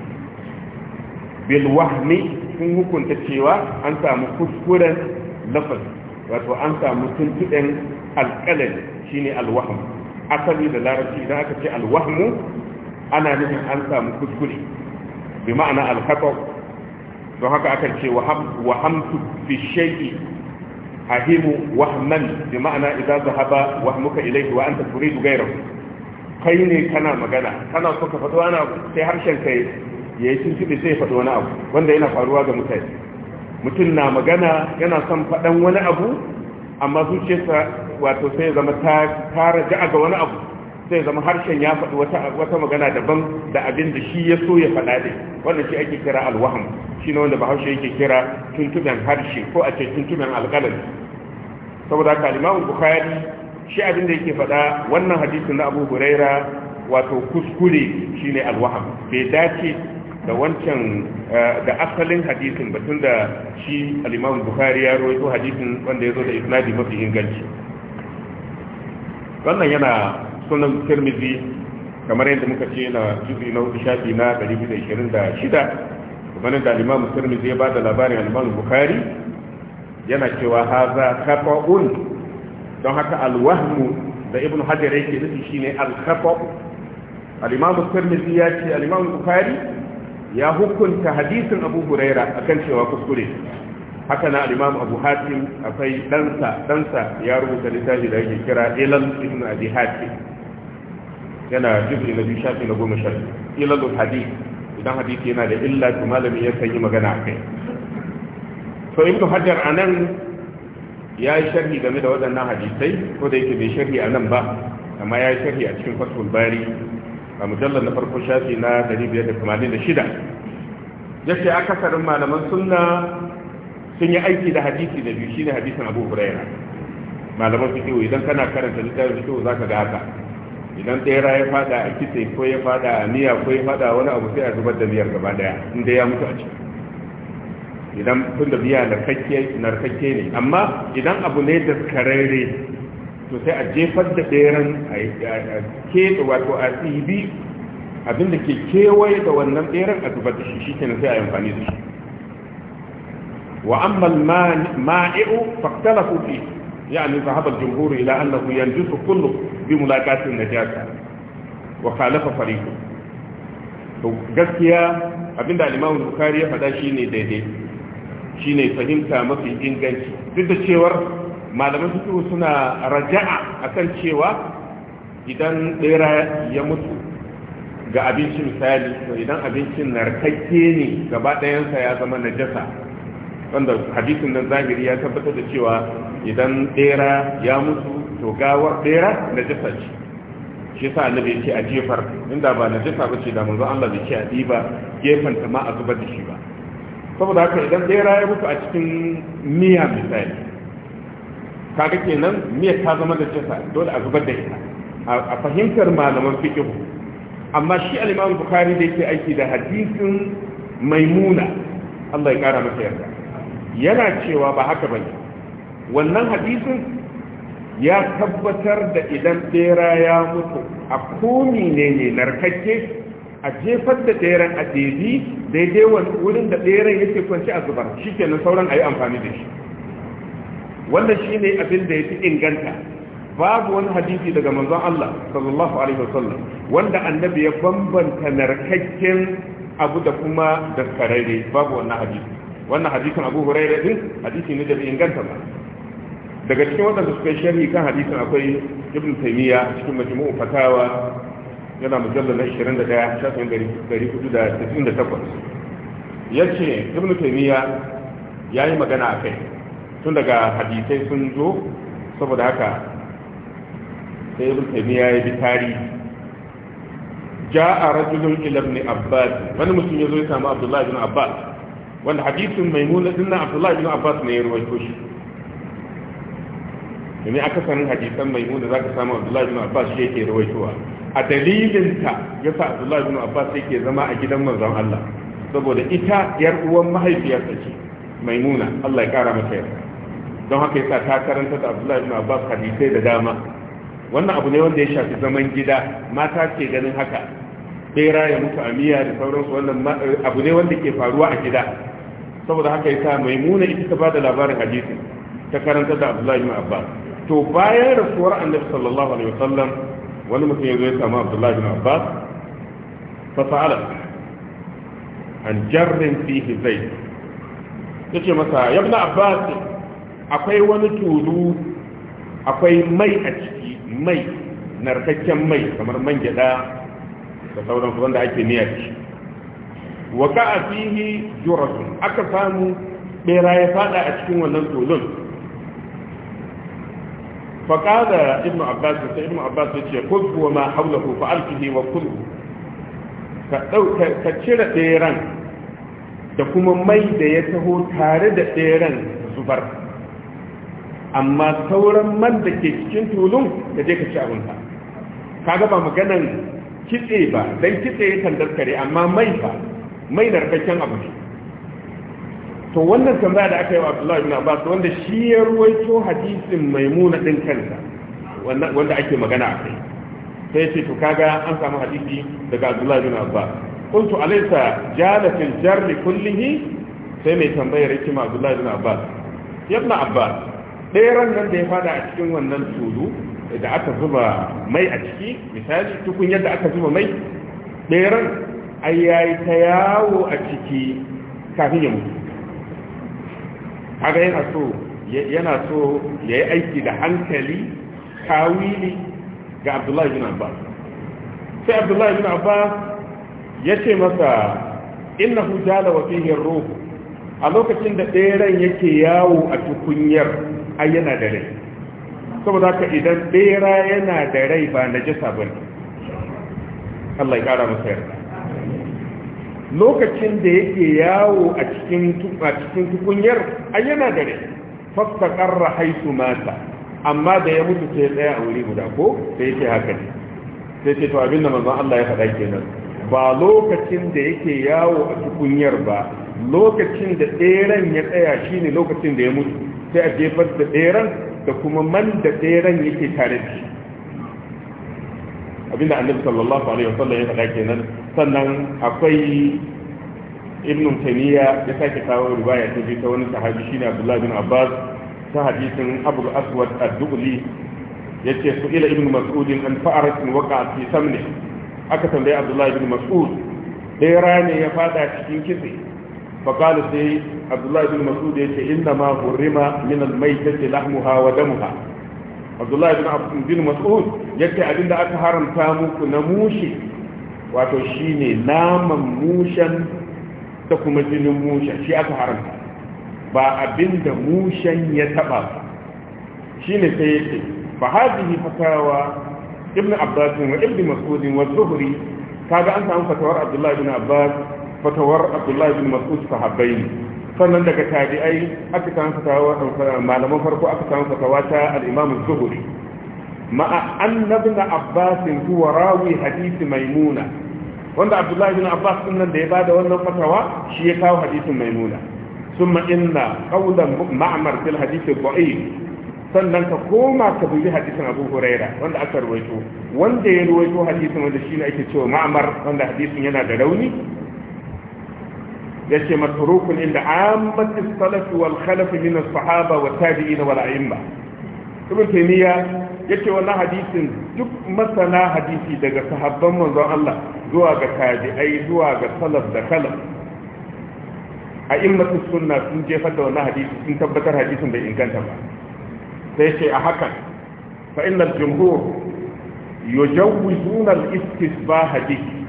bil wahmi sun hukunta cewa an samu kuskuren lafazi wato an samu tuntuɗen shi ne alwaham asali da larabci idan aka ce alwahmu ana nufin an samu kuskure bi ma'ana alkhata don haka aka ce wahamtu fi shay'i ahimu wahman bi ma'ana idan zahaba wahmuka ilayhi wa anta turidu ghayrahu kai ne kana magana kana so ka faɗo ana sai harshen kai ya yi tuntube sai ya faɗo wani abu wanda yana faruwa ga mutane mutum na magana yana son faɗan wani abu amma zuciyarsa wato sai ya zama ta raja ga wani abu sai ya zama harshen ya faɗi wata magana daban da abin da shi ya so ya faɗa ne wanda shi ake kira alwaham shi ne wanda bahaushe yake kira tuntuben harshe ko a ce tuntuben alƙalar saboda kalimawul bukari shi abin da yake faɗa wannan hadisin na abu huraira wato kuskure ne alwaham bai dace da wancan eh, da asalin hadisin batun da shi al bukari Bukhari ya rawaito hadisin wanda ya zo da isnadi mafi inganci wannan yana sunan Tirmidhi kamar yadda muka ce na juzu na hudu shafi na 226 kamar da al-Imam Tirmidhi ya bada labarin al-Imam Bukhari yana cewa haza kafa'un don haka al-wahmu da Ibn Hajar yake nufi shine al-kafa al-Imam Tirmidhi ya ce al-Imam Bukhari ya hukunta hadisin abu huraira akan cewa kuskure haka na al abu hatim akwai ɗansa ɗansa ya rubuta littafi da yake kira ilal ibn abi hatim yana jibi na biyu shafi na goma sha ilalul Hadis, idan hadisi yana da illa to malami ya sanyi magana a kai to ibn hajar anan ya yi sharhi game da waɗannan hadisai ko da yake bai sharhi a nan ba amma ya yi sharhi a cikin fasul bari a mujallar na farko shafi na 586 yace akasarin malaman sunna sun yi aiki da hadisi da biyu shine hadisin Abu Hurairah malaman fiqh idan kana karanta littafin fiqh zaka ga haka idan tsera ya fada a kitse ko ya fada a miya ko ya fada wani abu sai a zubar da miyar gaba daya inda ya mutu a ciki idan tun da biya narkakke ne amma idan abu ne da karere to sai a jefar da ɗeran a da wato a tsibi abinda ke kewaye da wannan ɗeran a zubar da shi shi kenan sai a yi da shi wa amma ma'i'u faktalafu fi yani zahaba al-jumhur ila annahu yanjusu kullu bi mulaqati an-najasa wa khalafa fariqu to gaskiya abinda al bukari ya faɗa shine daidai shine fahimta mafi inganci duk da cewar malaman fikihu suna raja'a akan cewa idan ɗera ya mutu ga abinci misali to idan abincin narkakke ne gaba ɗayansa ya zama najasa wanda hadisin nan zahiri ya tabbatar da cewa idan ɗera ya mutu to gawar ɗera najasa ce shi yasa annabi yake a jefar inda ba najasa ba ce da manzo Allah bai ce a diba gefen ta ma a zubar da shi ba saboda haka idan ɗera ya mutu a cikin miya misali kaga kenan miyar ta zama da jasa dole a zubar da ita a fahimtar malaman fiqh amma shi al-Imam Bukhari da yake aiki da hadisin Maimuna Allah ya kara masa yarda yana cewa ba haka bane wannan hadisin ya tabbatar da idan bera ya mutu a komi ne ne narkakke a jefar da beran a daidai wani wurin da beran yake kwanci a zubar shi kenan sauran a yi amfani da shi Wanda shi ne abin da ya fi inganta babu wani hadisi daga manzon Allah sallallahu alaihi wasallam wanda annabi ya bambanta narkakken abu da kuma da karare babu wannan hadisi wannan hadisin Abu Hurairah din hadisi ne da bai inganta ba daga cikin waɗanda suka yi sharhi kan hadisin akwai Ibn Taymiyyah cikin majmu'u fatawa yana mujallar na 21 shafin 498 yace Ibn Taymiyyah yayi magana akai tun daga hadisai sun zo saboda haka sai ibn taymiya ya bi tarihi a rajulun ila ibn abbas wani mutum ya zo ya samu abdullahi ibn abbas wanda hadisin maimuna dinnan abdullahi ibn abbas ne ya ruwaito shi aka akasarin hadisan mai za ka samu abdullahi ibn abbas shi yake ruwaitowa a dalilinta ya sa abdullahi ibn abbas yake zama a gidan manzon Allah saboda ita yar uwan mahaifiyarsa ce maimuna Allah ya kara mata yarda don haka yasa ta karanta da Abdullahi ibn Abbas hadisai da dama wannan abu ne wanda ya shafi zaman gida mata ke ganin haka bera ya mutu amiya da sauransu wannan eh, abu ne wanda ke faruwa a gida saboda haka yasa maimuna ita ta bada labarin hadisi ta karanta da Abdullahi ibn Abbas to bayan rasuwar Annabi sallallahu alaihi wasallam wani mutum ya zo ya samu Abdullahi ibn Abbas fa sa'ala an jarrin fihi zaid yace masa ya ibn Abbas akwai wani tulu akwai mai a ciki mai narkakken mai kamar man gyada da sauran wanda ake niyar shi wa ka a fihi aka samu bera ya fada a cikin wannan tulun faƙada ibn abbas sai ibn abbas ce ko wa ma ko, fa alkihi wa kulku ka cire beran da kuma mai da ya taho tare da beran zubar amma sauran man da ke cikin tulun da je ka ci abinka kaga ba maganan kitse ba dan kitse ya tandarkare amma mai ba mai narkakken abu ne to wannan tambaya da aka yi wa Abdullahi ibn Abbas wanda shi ya ruwaito hadisin Maimuna din kansa wanda ake magana akai sai ce to kaga an samu hadisi daga Abdullahi ibn Abbas kuntu alaysa jalatil jarri kullihi sai mai tambayar ركما عبد الله بن عباس ibn Abbas ɗeran nan da ya fada a cikin wannan tulu da aka zuba mai a ciki misali tukun yadda aka zuba mai ɗeran ayyayi ta yawo a ciki kafin ya mutu haka yana so yana so ya yi aiki da hankali kawili ga abdullahi bin abbas sai abdullahi bin abbas ya ce masa innahu hujjala wa fihi ruhu a lokacin da ɗeran yake yawo a tukunyar ai yana da rai saboda haka idan bera yana da rai ba na jisa ba ne Allah ya kara masa yarda lokacin da yake yawo a cikin cikin tukunyar ai yana da rai fastaqarra haisu mata amma da ya mutu sai tsaya a wuri guda ko sai yake haka ne sai ce to abinda manzon Allah ya faɗa kenan ba lokacin da yake yawo a tukunyar ba lokacin da tseren ya tsaya shine lokacin da ya mutu sai a jefar da ɗeran da kuma man da ɗeran yake tare da shi abinda annabi sallallahu alaihi wa sallam ya faɗa kenan sannan akwai ibn taniya ya sake kawo rubaya ta ta wani sahabi shine abdullah bin abbas ta hadisin abu aswad ad ya yace su ila ibn mas'ud an fa'aratin waqa'at fi samni aka tambaye abdullah bin mas'ud ɗera ne ya fada cikin kitse faƙali sai abdullahi bin masud ya ce inda ma hurrima min almai tace lahmuha wa damuha abdullahi bin masud ya ce abin da aka haramta muku na mushi wato shi ne naman mushen ta kuma jinin mushen shi aka haramta ba abin mushen ya taɓa shi ne sai ya ce ba haɗi ne fatawa ibn abbasin wa ibn masudin wa zuhuri kaga an samu fatawar abdullahi bin abbas fatawar abdullahi bin mas'ud sahabbai sannan daga tabi'ai aka samu fatawa malaman farko aka samu fatawa ta al-imam az-zuhri ma'a annabin abbas huwa rawi hadisi maimuna wanda abdullahi bin abbas sunan da ya bada wannan fatawa shi ya kawo hadisin maimuna summa inna qawlan ma'mar fil hadith ad sannan ka koma ka dubi hadisin abu huraira wanda aka rawaito wanda ya rawaito hadisin wanda shine ake cewa ma'mar wanda hadisin yana da rauni yace matrukun inda ammatis salaf wal khalaf min as-sahaba wa tabi'in wal a'imma ibn taymiya yace wannan hadisin duk masana hadisi daga sahabban manzon Allah zuwa ga tabi'ai zuwa ga salaf da khalaf a'immatu sunna sun jefa da wannan hadisi sun tabbatar hadisin bai inganta ba sai ce a hakan fa innal jumhur yujawwizuna al-istisbah bihi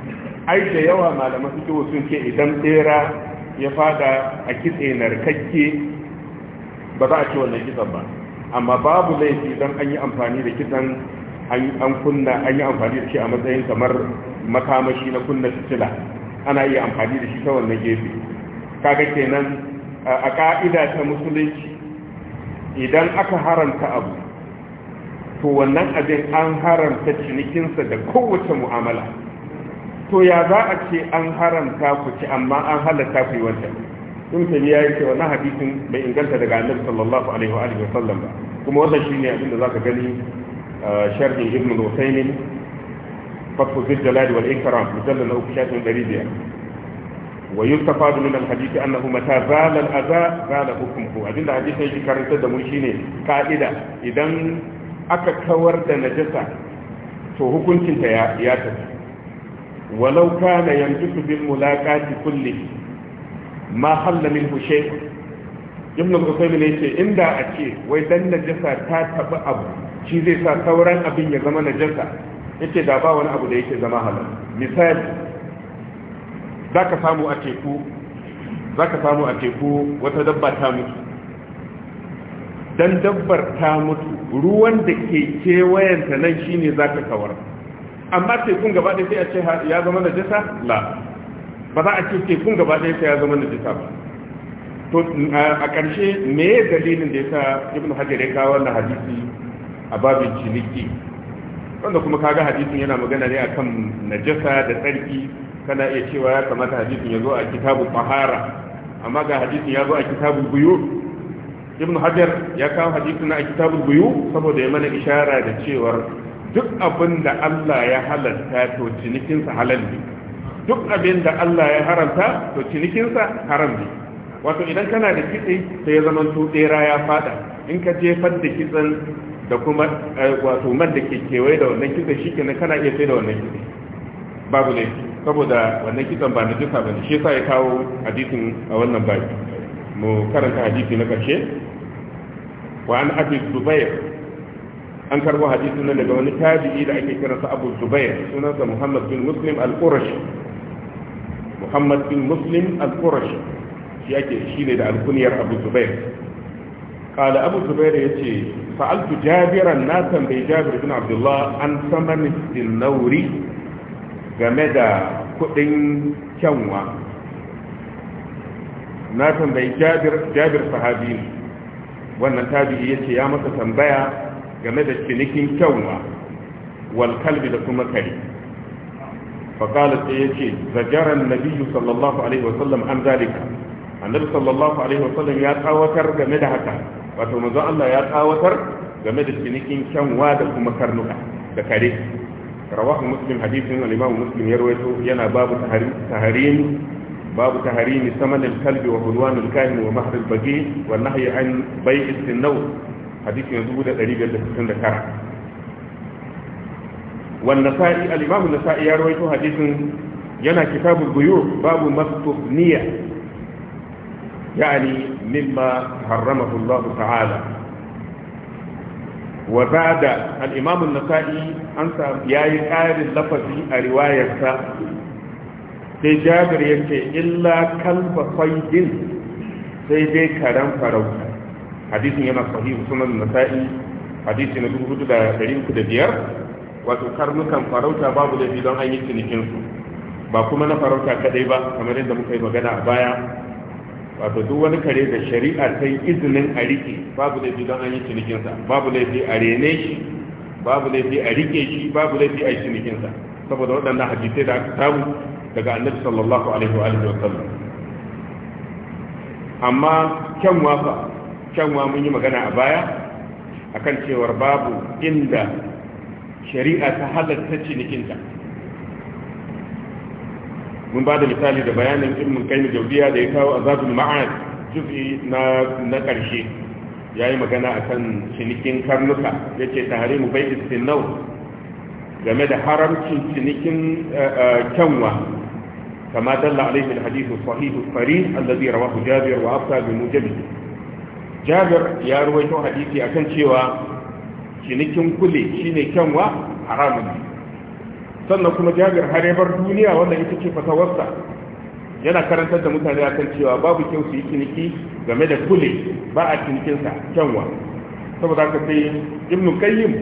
ai da yawa malaman suke sun ce idan tsera ya fada a kitse narkakke ba za a ci wannan kitsan ba amma babu laifi don an yi amfani da kitsan an kunna an yi amfani da shi a matsayin kamar makamashi na kunna fitila ana iya amfani da shi ta wannan gefe kaga kenan a ka'ida ta musulunci idan aka haramta abu to wannan abin an haramta cinikinsa da kowace mu'amala to ya za a ce an haramta ku ci amma an halatta ku yi wancan in tabi ya yi ce wannan hadisin bai inganta daga annabi sallallahu alaihi wa alihi wasallam ba kuma wannan shine abin da zaka gani sharhin ibn al-usaymin fathu zil jalal wal ikram mujallal na uku shafin wa yustafadu min al hadisi annahu mata zala al-adha zala hukmuhu abinda hadisin yake karantar da mu shine ka'ida idan aka kawar da najasa to hukuncinta ya tafi walau na yanzu bil mulaqati kulli ma halla minhu shay ibn al-qasim ne yace inda a ce wai dan najasa ta tabi abu shi zai sa sauran abin ya zama najasa yace da ba wani abu da yake zama halal misali zaka samu samu a teku wata dabba ta mutu dan dabbar ta mutu ruwan da ke kewayenta nan shine zaka kawar amma tekun gaba ɗaya sai a ce ya zama na jisa la ba za a ce tekun gaba ɗaya sai ya zama na jisa ba to a ƙarshe me ya dalilin da ya sa ibn hajar ya kawo wannan hadisi a babin ciniki wanda kuma kaga hadisin yana magana ne akan najasa da tsarki kana iya cewa ya kamata hadisin ya zo a kitabu fahara amma ga hadisin ya zo a kitabu buyu ibn hajar ya kawo hadisin a kitabu buyu saboda ya mana ishara da cewar duk abin da Allah ya halatta to cinikinsa halal ne duk abin da Allah ya haramta to cinikinsa haram ne wato idan kana da kitse sai ya zama to tsera ya fada in ka jefar da kitsen da kuma eh, wato man da ke kewaye da wannan shi shikenan kana iya sai da wannan kitse babu ne saboda wannan kitsen ba na ba ne shi yasa ya kawo hadisin a wannan babi mu karanta hadisi na karshe wa an abi zubair an karbo hadisin nan daga wani tabi'i da ake kiransa abu zubair sunansa muhammad bin muslim al qurash muhammad bin muslim al qurash shi ake shine da alkuniyar abu zubair qala abu zubair yace fa'altu jabiran na tambayi jabir bin abdullah an samani nauri game da kuɗin kyanwa na tambayi jabir jabir sahabi wannan tabi'i yace ya masa tambaya game da cinikin kyanwa wal kalbi da kuma kare faƙala sai ya ce zajaran nabiyu sallallahu alaihi wasallam an zalika annabi sallallahu alaihi wasallam ya tsawatar game da haka wato manzo Allah ya tsawatar game da cinikin kyanwa da kuma karnuka da kare rawahu muslim hadithin al-imam muslim ya rawaito yana babu taharim باب تهريم ثمن الكلب وعنوان الكاهن ومهر البغي والنهي عن بيع السنور hadisi na dubu ɗari biyar da sittin da tara wanda sa'i al-imamu nasa'i ya hadisin yana kitabul buyu babu mastufniya يعني مما حرمه الله تعالى وزاد الإمام النسائي أنت يا يقال اللفظ رواية sai jabir yake illa kalba faidin sai dai karen farauta hadisin yana sahihu sunan nasa'i hadisi na dubu hudu da ɗari uku da biyar wato karnukan farauta babu laifi don an yi cinikinsu ba kuma na farauta kadai ba kamar yadda muka yi magana a baya wato duk wani kare da shari'a ta yi izinin a rike babu laifi don an yi cinikinsa babu laifi a rene shi babu laifi a rike shi babu laifi a yi cinikinsa saboda waɗannan hadisai da aka samu daga annabi sallallahu alaihi wa wa sallam amma kyan wafa can ma mun yi magana a baya akan cewar babu inda shari'a ta halatta cinikinta mun ba da misali da bayanin ilmin kai jaudiya da ya kawo azabul ma'ad jufi na na karshe ya yi magana akan cinikin karnuka ya ce mu bai istinau game da haramcin cinikin eh, eh, kyanwa kama dalla alaihi alhadithu sahihu sari allazi rawahu jabir wa afsa bi mujabihi jabir ya ruwaito hadisi akan cewa cinikin kule shine kyanwa haramun sannan kuma jabir har yabar duniya wanda ita ce fatawarsa yana karantar da mutane akan cewa babu kyau su yi ciniki game da kule ba a cinikinsa kyanwa saboda haka sai ibn qayyim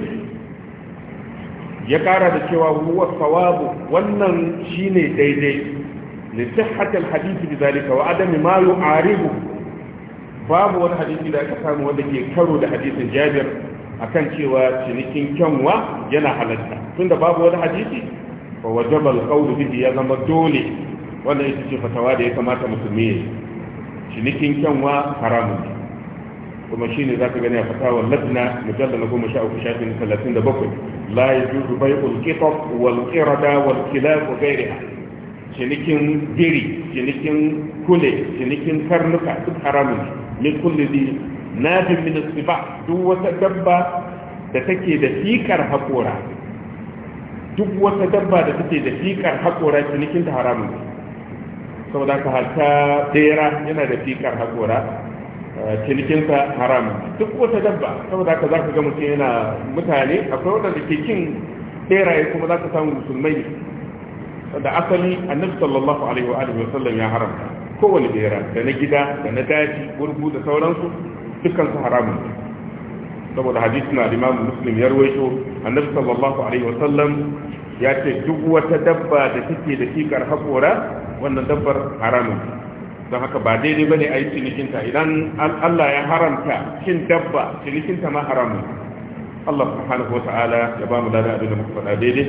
ya kara da cewa huwa sawabu wannan shine daidai li sihhatil hadisi bi zalika wa adami ma yu'aribu babu wani hadisi da aka samu wanda ke karo da hadisin jabir kan cewa cinikin kyanwa yana halatta tunda babu wani hadisi fa wajaba alqawlu bihi ya zama dole wanda ya ce fatawa da ya kamata musulmi ya cinikin kyanwa haramun ne kuma shine zaka gani a fatawar ladna mujallal 13 shafin 37 la yajuzu bai'ul qitab wal qirada wal kilab wa cinikin biri cinikin kule cinikin karnuka duk haramun min kulli di nabin min siba duk wata dabba da take da fikar haƙora duk wata dabba da take da fikar haƙora cinikin ta haramun saboda ka hatta bera yana da fikar haƙora eh, cinikinsa haramun duk wata dabba saboda ka za ka ga mutum yana mutane akwai wadanda ke kin beraye kuma za ka samu musulmai da asali annabi sallallahu alaihi wa alihi wasallam ya haramta kowane bera da na gida da na daji gurguda da sauransu dukkan su haramun saboda hadisi na imam muslim ya rawaito annabi sallallahu alaihi wa sallam ya ce duk wata dabba da take da kikar hakora wannan dabbar haramun don haka ba daidai bane a yi cinikinta idan Allah ya haramta cin dabba cinikinta ma haramun Allah subhanahu wa ta'ala ya ba mu lada abin da muka faɗa daidai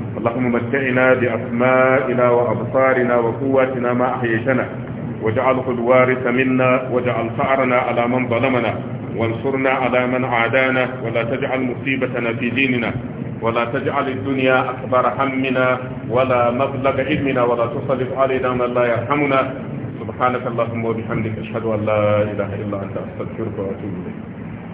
اللهم متعنا بأسمائنا وأبصارنا وقواتنا ما أحييتنا واجعله الوارث منا واجعل فأرنا على من ظلمنا وانصرنا على من عادانا ولا تجعل مصيبتنا في ديننا ولا تجعل الدنيا أكبر همنا ولا مبلغ علمنا ولا تصلف علينا من لا يرحمنا سبحانك اللهم وبحمدك أشهد أن لا إله إلا أنت أستغفرك وأتوب إليك